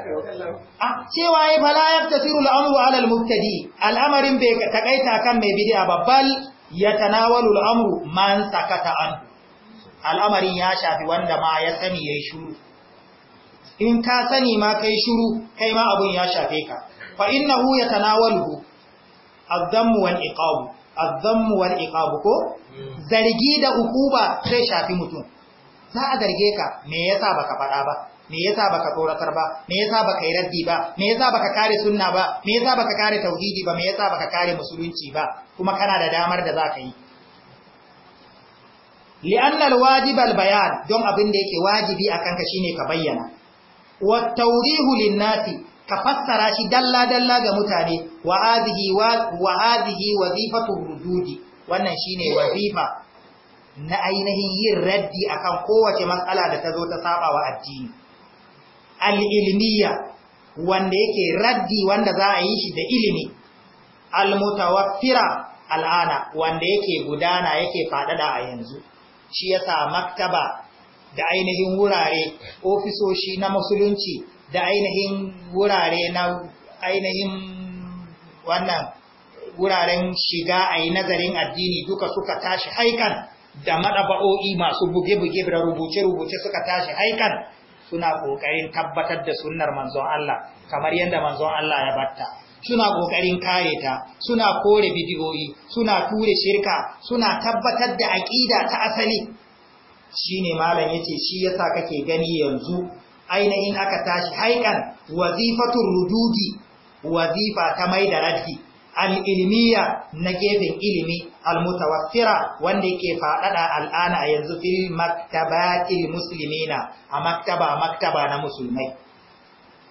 A: ah, cewa ya fala ya tasiru al'amru ala al-mubtadi al'amarin bai takaita kan mai bid'a babbal ya tanawalu al'amru man sakata an al'amarin ya shafi wanda ma ya sani ya yi shuru in ka sani ma kai shuru kai ma abun ya shafe ka fa innahu ya az-dhammu wani iqabu azzammu ikabu ko zargi da ukuba sai shafi mutum za a zarge ka me yasa baka faɗa ba me yasa baka tsoratar ba me yasa baka yi raddi ba me yasa baka kare sunna ba me yasa baka kare tauhidi ba me yasa baka kare musulunci ba kuma kana da damar da zaka yi li'anna al bayan don abin da yake wajibi akan ka shine ka bayyana wa tawrihu lin-nasi ka fassara shi dalla dalla ga mutane wa hadhihi wa hadhihi rududi wannan shine wazifa na ainihin yin raddi a kan kowace matsala da ta zo ta saba wa addini al wanda yake raddi wanda za a yi shi da ilimi al-mutawaffira al'ana wanda yake gudana yake faɗaɗa a yanzu shi yasa maktaba da ainihin wurare ofisoshi na musulunci da ainihin wurare na ainihin wannan wuraren shiga a yi nazarin addini duka suka tashi haikan da maɗaba'o'i masu buge-buge da rubuce-rubuce suka tashi haikan suna ƙoƙarin tabbatar da sunnar manzon Allah kamar yadda manzon Allah ya batta suna ƙoƙarin kare ta suna kore bidiyoyi suna ture shirka suna tabbatar da aƙida ta asali Shi ne malam yace shi yasa kake gani yanzu ainihin aka tashi haikan wazifatun rududi wazifa ta mai da al al'ilmiya na gefen ilimi al-mutawassira wanda yake faɗaɗa al'ana a yanzu fil musulmi muslimina a maktaba maktaba na musulmai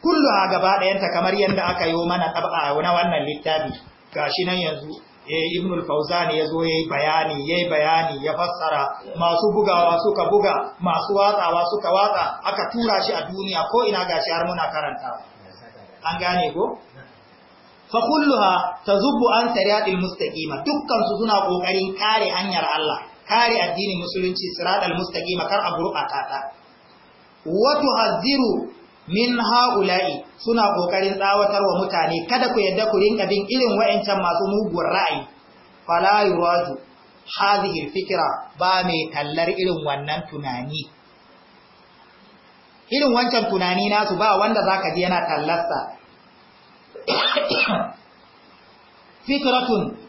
A: kullu a gaba ɗayanta kamar yadda aka yi mana ɗaba na wannan littafi gashi nan yanzu Eh, ibn al-fawzan ya zo yayi bayani yayi bayani ya fassara masu bugawa suka buga masu watsawa suka watsa aka tura shi a duniya ko ina gashi har muna karanta an gane ko fa kulluha tazubbu an tariqil mustaqima dukkan su suna kokarin kare hanyar Allah kare addinin musulunci siratal mustaqima kar a ta wa tuhazziru min haula'i suna kokarin wa mutane kada ku yadda ku rinka bin irin wa'ancan masu muguwar ra'ayi fala yuradu hadhihi fikra ba mai tallar irin wannan tunani irin wancan tunani nasu ba wanda zaka ji yana tallasta. (coughs) fikratun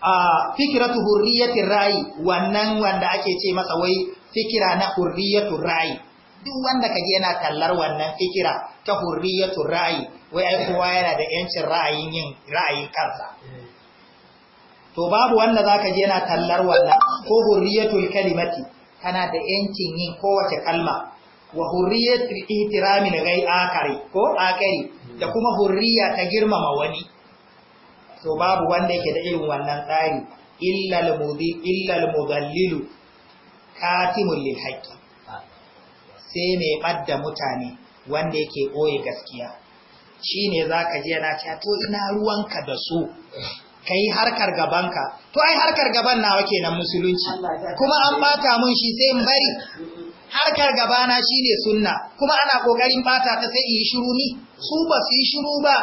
A: a fikiratu hurriyatir rai wannan wanda ake ce masa wai fikira na hurriyatun ra'i duk wanda kaje yana kallar wannan fikira ta hurriyatu ra'ayi wai ai kowa yana da yancin ra'ayin yin ra'ayin kansa to babu wanda zaka je yana kallar wannan ko hurriyatul kalimati kana da yancin yin kowace kalma wa hurriyatu ihtirami da gai akari ko akari da kuma hurriya ta girmama wani to babu wanda yake da irin wannan tsari illa al-mudhi illa al-mudallil katimul lil haqqi sai mai ɓadda mutane wanda yake ɓoye gaskiya shi ne za ka ji yana cewa to ina ruwanka da su ka yi harkar gabanka to ai harkar gaban nawa kenan musulunci kuma an bata mun shi sai in bari harkar gabana shi ne sunna kuma ana ƙoƙarin bata ta sai in yi shiru ni su ba su yi shiru ba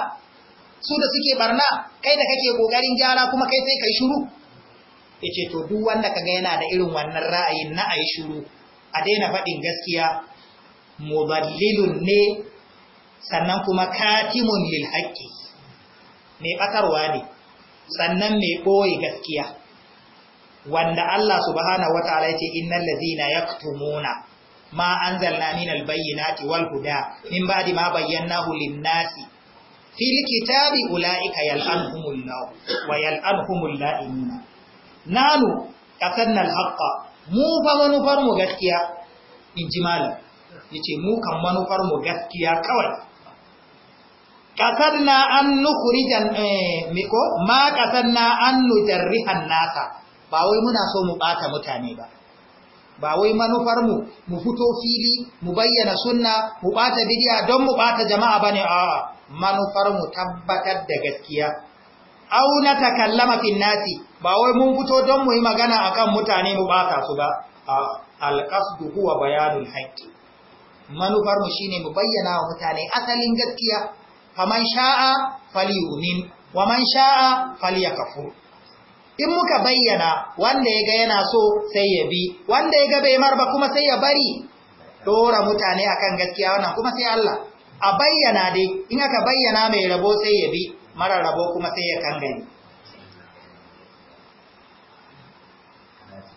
A: su da suke barna kai da kake ƙoƙarin gyara kuma kai sai ka yi shiru ya ce to duk wanda ka kaga yana da irin wannan ra'ayin na a yi shiru a daina faɗin gaskiya mudallilun ne sannan kuma katimun lil haqqi mai bakarwa ne sannan mai ɓoye gaskiya wanda Allah subhanahu wataala yace innal na yaktumuna ma anzalna minal bayyinati wal huda min ba'di ma bayyanahu lin nasi fil kitabi ulaika yal'anuhumullahu wa yal'anuhumul la'inun nanu qatanna al haqqa mu fa manufar mu gaskiya in ji malam yace mu kan manufar mu gaskiya kawai na an nukhrijan eh, miko ma na an nujarrihan nasa ba wai muna so mu bata mutane ba ba wai manufar mu mu fito fili mu bayyana sunna mu bata bidiya don mu bata jama'a bane a manufar mu tabbatar da gaskiya au na takallama nasi ba wai mun fito don mu yi magana akan mutane mu bata su ba qasdu huwa bayanul haqqi manufar mu shine mu bayyana wa mutane asalin gaskiya faman sha'a falyumin wa man sha'a falyakfur in muka bayyana wanda ya ga yana so sai ya bi wanda ya ga bai marba kuma sai ya bari dora mutane akan gaskiya wannan kuma sai Allah a bayyana dai in aka bayyana mai rabo sai ya bi mara rabo kuma sai ya kangani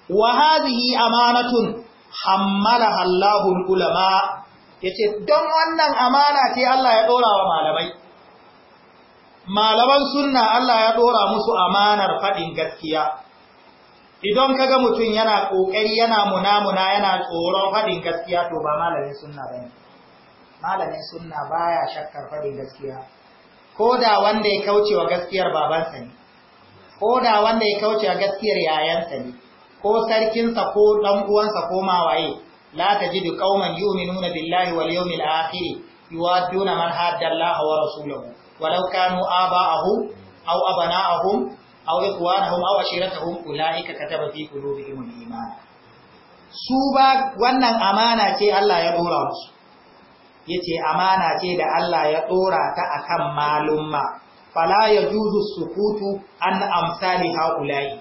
A: wa hadhihi amanatun hammalaha Allahul ulama yace don wannan amana ce Allah ya dora wa malamai malaman sunna Allah ya dora musu amanar fadin gaskiya idan kaga mutum yana kokari yana munamuna yana tsoron fadin gaskiya to ba malamin sunna bane malamin sunna baya shakkar fadin gaskiya koda wanda ya kauce wa gaskiyar babansa ne koda wanda ya kauce wa gaskiyar yayansa ne ko sarkinsa ko dan uwansa ko mawaye la tajidu qauman yu'minuna billahi wal yawmil akhir yuwadduna man hadda Allah wa rasulahu walau kanu aba'ahum aw abana'ahum aw ikhwanahum aw ashiratahum ulaika kataba fi qulubihim al-iman su ba wannan amana ce Allah ya dora musu yace amana ce da Allah ya dora ta akan malumma fala yajuzu sukutu an amsali haula'i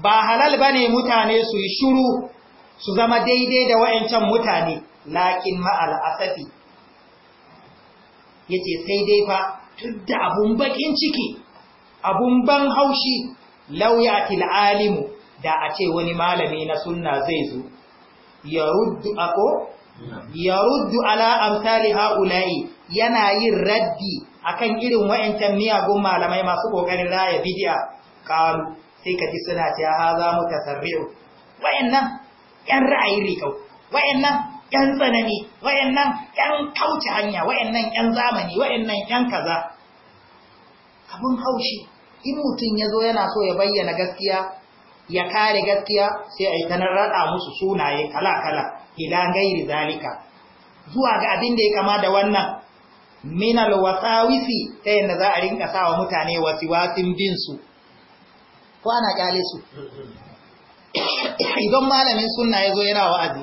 A: ba halal bane mutane suyi shiru su zama daidai da wayancan mutane laƙin ma'al'asafi ya ce sai dai fa duk da abun baƙin ciki abun ban haushi lauya alimu da a ce wani malami na sunna zai zo ya ruddu ako ya ruddu ala amsali haula'i yana yin raddi akan irin wayancan miyagun malamai masu ƙoƙarin raya bidiya ƙaru, sai ka ji suna ce ha za mu tasarri'u wa’yannan yan ra'ayi rikau wayannan yan tsanani wayannan yan kauce hanya wayannan yan zamani wayannan yan kaza abun haushi in mutum ya zo yana so ya bayyana gaskiya ya kare gaskiya sai a yi ta musu sunaye kala-kala ila gairi zalika zuwa ga abin da ya kama da wannan minal wasawisi ta yadda za a rinka sa wa mutane wasiwasin bin su ko ana kyale su idan malamin sunna ya zo yana wa'azi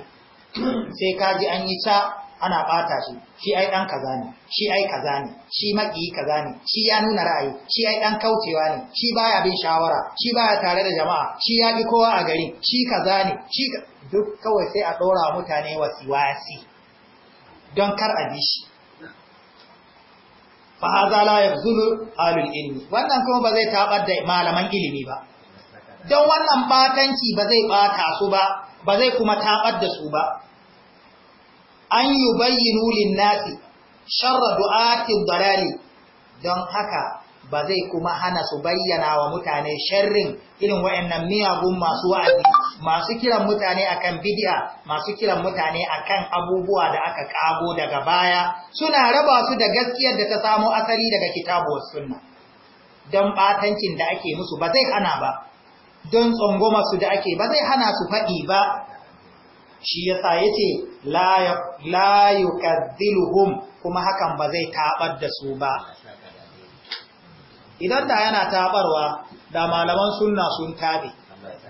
A: sai ka ji an yi ta ana ɓata shi shi ai ɗan kaza ne shi ai kaza ne shi maƙi kaza ne shi ya nuna ra'ayi shi ai ɗan kaucewa ne shi baya bin shawara shi baya tare da jama'a shi ya ki kowa a gari shi kaza ne shi duk kawai sai a ɗora mutane wasi wasi don kar a bi shi fa haza la yabzulu alul ilmi wannan kuma ba zai tabar da malaman ilimi ba don wannan batanci ba zai bata su ba ba zai kuma tabar da su ba an yi bayyinu linnasi sharra du'atin dalali don haka ba zai kuma hana su bayyana wa mutane sharrin irin wayannan miyagun masu wa'azi masu kiran mutane akan bid'a masu kiran mutane akan abubuwa da aka kago daga baya suna raba su da gaskiyar da ta samo asali daga kitabu sunna don batancin da ake musu ba zai hana ba don tsangoma su da ake ba zai hana su faɗi ba shi ya sa ya ce layu ƙaddiluhum kuma hakan ba zai taɓar da su ba idan da yana taɓarwa da malaman suna sun taɓe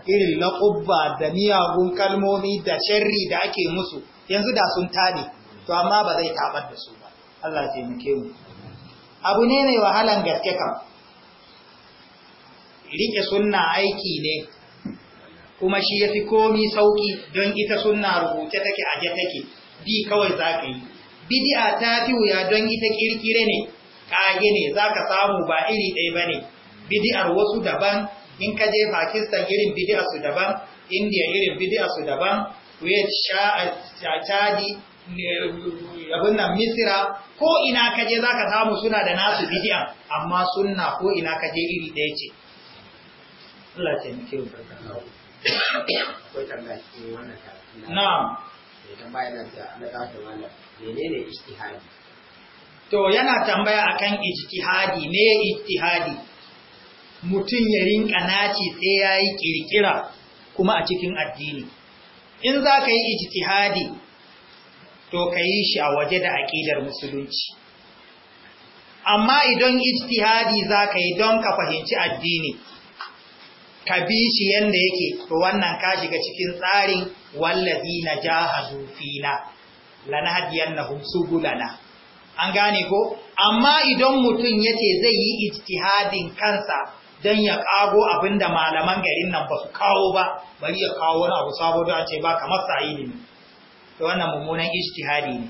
A: irin laƙubba da miyagun kalmomi da sharri da ake musu yanzu da sun taɓe to amma ba zai taɓar da su ba Allah ce taimake mu abu ne mai wahalan gaske kan. rike sunna aiki ne kuma shi ya fi komi sauki don ita sunna rubuce take aje take bi kawai zaka yi bid'a ta fi wuya don ita kirkire ne kage ne zaka samu ba iri ɗaya bane bid'ar wasu daban in ka je Pakistan irin bidiyar su daban India irin bidiyar su daban Kuwait sha'a abin nan misira ko ina kaje za ka samu suna da nasu bidiyar? amma sunna ko ina kaje iri ɗaya ce Allah tambaya ijtihadi to yana ijtihadi mutum ya rinka naci sai yayi kirkira kuma a cikin addini in za ka yi ijtihadi to ka yi shi a waje da aƙidar musulunci amma idan ijtihadi za ka yi don ka fahimci addini ka bi shi yanda yake to wannan ka shiga cikin tsarin wallazi na na fina lanahdiyannahum subulana an gane ko amma idan mutum yace zai yi ijtihadin kansa dan ya kago abinda malaman garin nan ba su kawo ba bari ya kawo wani abu sabo da ce ba kamar sa ilimi to wannan mummunan ijtihadi ne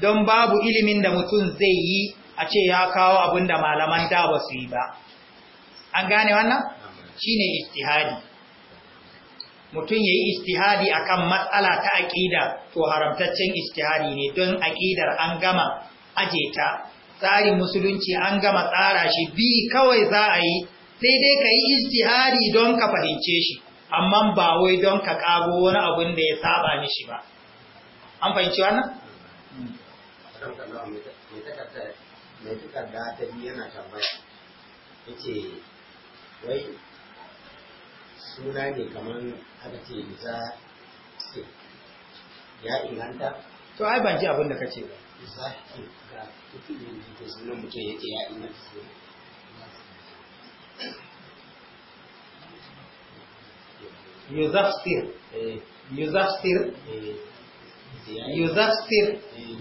A: don babu ilimin da mutum zai yi a ce ya kawo abinda malaman da ba su yi ba an gane wannan shine ijtihadi mutum yayi ijtihadi akan matsala ta aqida to haramtaccen ijtihadi ne don aqidar an gama aje ta tsarin musulunci an gama tsara shi bi kawai za a yi sai dai ka yi ijtihadi don ka fahimce shi amma ba wai don ka kago wani abin da ya saba mishi ba an fahimci wannan
B: mai takarda ta biyu yana tambaya yace wai suna ne kamar aka ce bisa ce ya inganta to ai ban ji abin da ce ba bisa ce ga mutum da sunan mutum ya ce ya inganta su yuzastir yuzafsir eh. yuzafsir
A: eh.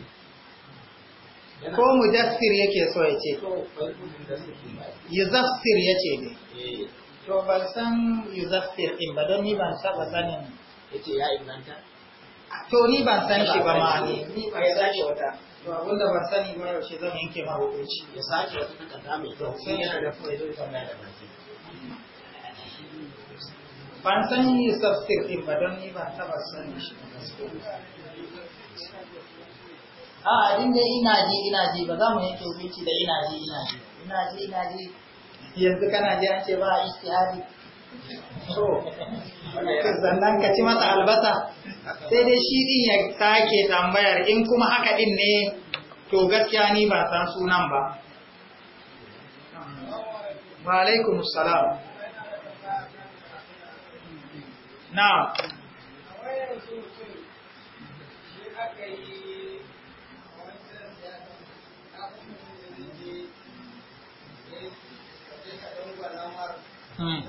A: Eh. ko mudassir yake so ya ce yuzastir ya ce ne to ban san yuzaffir din ba don ni ban saba sanin ce ya inganta to ni ban san shi ba ma ne ni ba ya shi wata to abinda ban sani ba yaushe zan yanke ma hukunci ya sake wata takarda mai kyau
B: sun yana da fa'ida da mai da
A: ban san yuzaffir ba don ni ban saba sanin shi ba a inda ina ji ina ji ba za mu yanke hukunci da ina ji ina ji
B: ina ji ina ji
A: yanzu kana ji ce ba a istihadi so sannan ka ci masa albasa sai dai shi din ya sake tambayar in kuma haka din ne to gaskiya ni ba san sunan ba wa alaikum salam na
B: Hmm.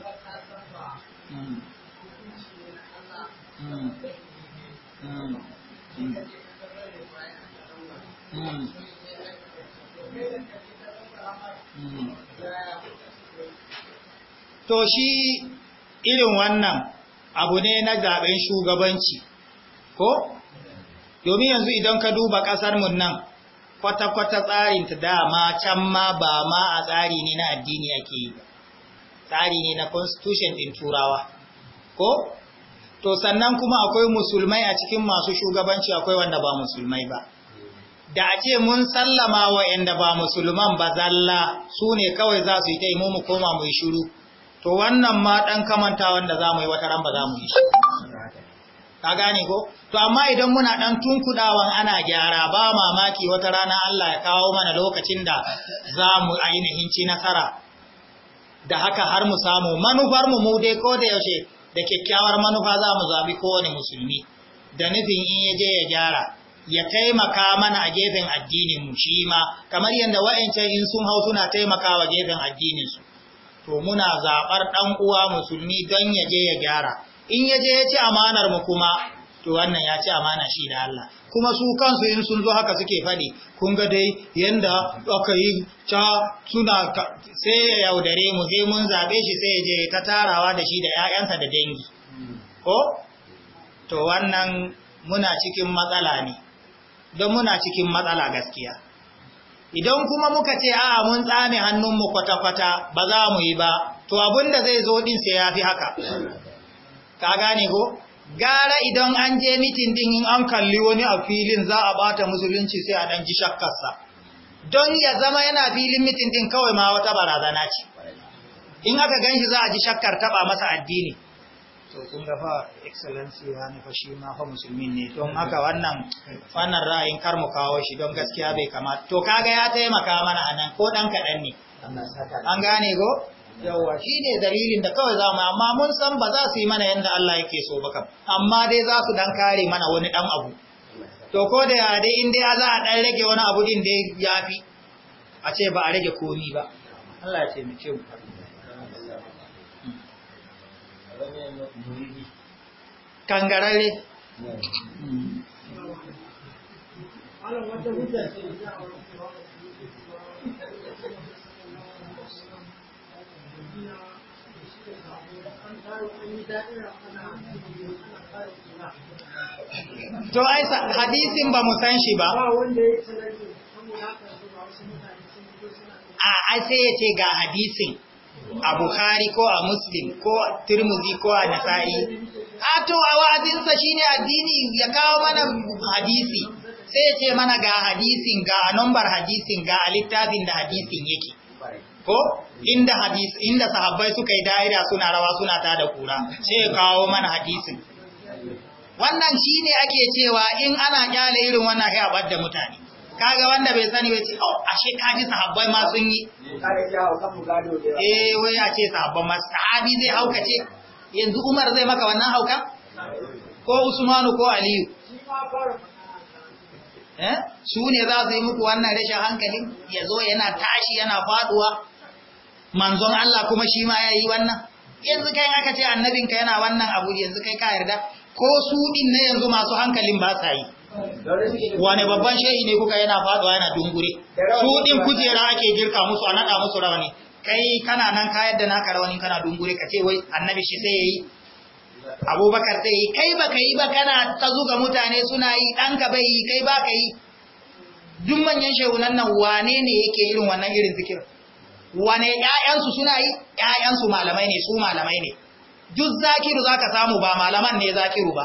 B: Hmm. Hmm.
A: To shi irin wannan abu ne na zaben shugabanci, ko? Domin yanzu idan ka duba ƙasarmu nan, kwata-kwata tsarin ta dama can ma ba ma a tsari ne na addini ake yi tsari ne na constitution ɗin turawa ko to sannan kuma akwai musulmai a cikin masu shugabanci akwai wanda ba musulmai ba da a ce mun sallama wa ba musulman ba zalla su ne kawai za su yi ta mu koma mu yi shiru to wannan ma ɗan kamanta wanda za mu yi wata ran ba za mu yi shi ka gane ko to amma idan muna ɗan tunkudawan ana gyara ba mamaki wata rana Allah ya kawo mana lokacin da za mu ainihin ci nasara da haka har mu samu manufar mu mu dai ko da yaushe da kyakkyawar manufa za mu zabi kowane musulmi da nufin in ya je ya gyara ya taimaka mana a gefen addinin mu shi ma kamar yadda wa'ancan in sun hau suna taimakawa gefen addinin su to muna zabar dan uwa musulmi don ya je ya gyara in ya je ya ci amanar mu kuma to wannan ya ci amana shi da Allah kuma su kansu in sun zo haka suke faɗi kun ga dai yanda aka yi ta suna sai ya yaudare mu sai mun zaɓe shi sai ya je ta tarawa da shi da 'ya'yansa da dangi ko to wannan muna cikin matsala ne don muna cikin matsala gaskiya idan kuma muka ce a'a mun tsame hannunmu kwata-kwata ba za mu yi ba to abinda zai zo din sai ya fi haka ka gane ko gara idan an je mitin din in an kalli wani a filin za a bata musulunci sai a dan ji shakkarsa don ya zama yana filin mitin din kawai ma wata barazana ce in aka ganshi za a ji shakkar taba masa addini to kun ga fa excellency ya nufa shi ma fa musulmin ne don mm-hmm. haka wannan wannan ra'ayin kar mu kawo shi don gaskiya bai kamata to kaga ya taimaka mana anan ko dan kadan ne an gane go yawa ne dalilin da kawai za mu amma mun san ba za su yi mana yadda Allah yake so ba kam amma dai za su dan kare mana wani dan abu to ko da ya dai in dai za a dan rage wani abu din dai yafi a ce ba a rage komi ba Allah ya taimake mu kangarare
B: Allah wata hujja ce to ai hadisin ba mu san shi ba
A: a ai sai ya ce ga hadisin a bukhari ko a muslim ko a turmuzi ko a nasa'i a to a wa'azinsa ne addini ya kawo mana hadisi sai ya ce mana ga hadisin ga a nombar hadisin ga a littafin da hadisin yake ko inda hadis inda sahabbai suka yi daira suna rawa suna ta da kura sai kawo mana hadisin wannan shine ake cewa in ana kyale irin wannan sai a da mutane kaga wanda bai sani bai ce oh ashe ka ji sahabbai ma sun yi eh wai a ce sahabban ma sahabi zai hauka ce yanzu Umar zai maka wannan hauka ko Usmanu ko Aliyu eh su ne za su yi muku wannan rashin hankalin ya zo yana tashi yana faduwa manzon Allah kuma shi ma ya yi wannan yanzu kai aka ce annabinka yana wannan abu yanzu kai ka yarda ko su din ne yanzu masu hankalin ba sa yi wane babban shehi ne kuka yana faɗuwa yana dungure su din kujera ake girka musu a naɗa musu rawani kai kana nan ka yadda naka rawani kana dungure ka ce wai annabi shi sai yayi abubakar sai kai baka yi ba kana ta zuga mutane suna yi ka bai yi kai baka yi duk manyan shehunan nan wane ne yake irin wannan irin zikirin wane ‘ya'yansu suna yi ‘ya'yansu malamai ne su malamai ne duk zakiru za ka samu ba malaman ne zakiru ba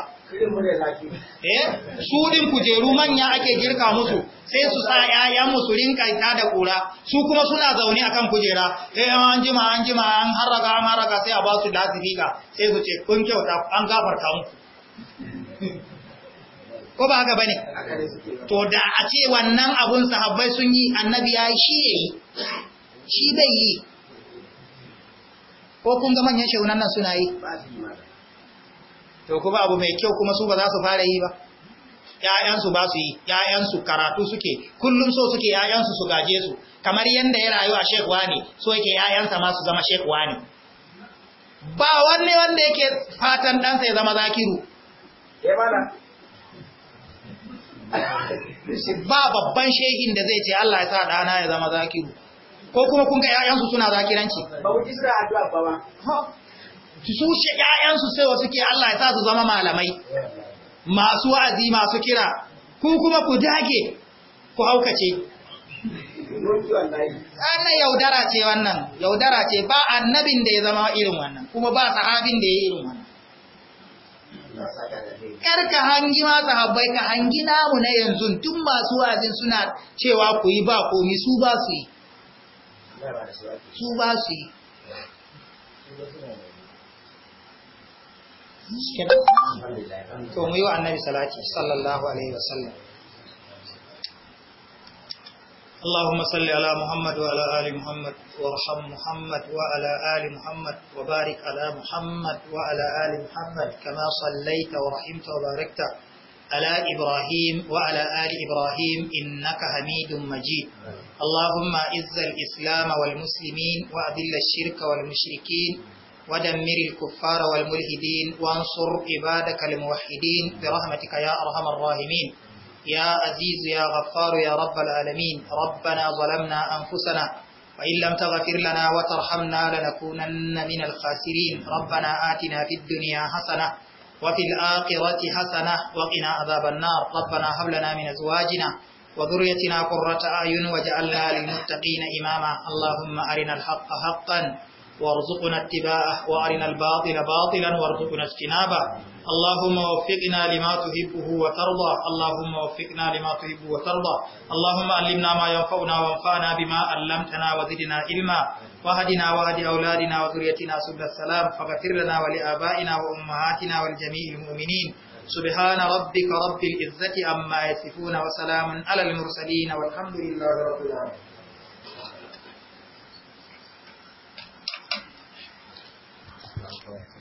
A: eh, su ɗin kujeru manya ake girka musu sai su sa ‘ya’yan su rinka ta da ƙura su kuma suna zaune akan kujera sai eh, an jima an jima an haraka an haraka sai a ba su lasifika sai su ce kun kyauta an gafarta muku (laughs) ko ba haka bane to da a ce wannan abun sahabbai sun yi annabi ya shi yayi shi zai yi ko kun ga manyan shehunan nan suna yi to kuma abu mai kyau kuma su ba za su fara yi ba ‘ya'yansu ba su yi ‘ya'yansu karatu suke kullum so suke ‘ya'yansu su gaje su kamar yadda ya rayu a shekwa ne so yake ‘ya'yansa ma su zama shekwa ne ba wanne wanda yake fatan ɗansa ya zama zakiru eh, ba babban shehin da zai ce Allah ya sa ɗana ya zama zakiru ko kuma kun ga ‘ya'yansu suna zakiranci su shi ƴaƴansu sai wasu ke Allah ya sa su zama malamai masu wa'azi masu kira ku kuma ku dage ku haukace Ana yaudara ce wannan yaudara ce ba annabin da ya zama irin wannan kuma ba sahabin da ya yi irin wannan karka hangi ma sahabbai ka hangi namu na yanzu tun masu wa'azi suna cewa ku yi ba komi su ba su yi
B: su ba su to mu yi wa annabi
A: salati sallallahu alaihi wasallam اللهم صل على محمد وعلى آل محمد وارحم محمد وعلى آل محمد وبارك على محمد وعلى آل محمد كما صليت ورحمت وباركت على إبراهيم وعلى آل إبراهيم إنك حميد مجيد اللهم إذ الإسلام والمسلمين وأذل الشرك والمشركين ودمر الكفار والملحدين وانصر عبادك الموحدين برحمتك يا أرحم الراحمين يا عزيز يا غفار يا رب العالمين ربنا ظلمنا أنفسنا وإن لم تغفر لنا وترحمنا لنكونن من الخاسرين ربنا آتنا في الدنيا حسنة وفي الآخرة حسنة وقنا عذاب النار ربنا هب لنا من أزواجنا وذريتنا قرة أعين وجعلنا للمتقين إماما اللهم أرنا الحق حقا وارزقنا اتباعه وأرنا الباطل باطلا وارزقنا اجتنابه اللهم وفقنا لما تحبه وترضى اللهم وفقنا لما تحبه وترضى اللهم علمنا ما ينفعنا وانفعنا بما علمتنا وزدنا علما وهدنا وهد أولادنا وذريتنا سبل السلام فغفر لنا ولآبائنا وأمهاتنا والجميع المؤمنين سبحان ربك رب العزة عما يصفون وسلام على المرسلين والحمد لله رب العالمين Thank you.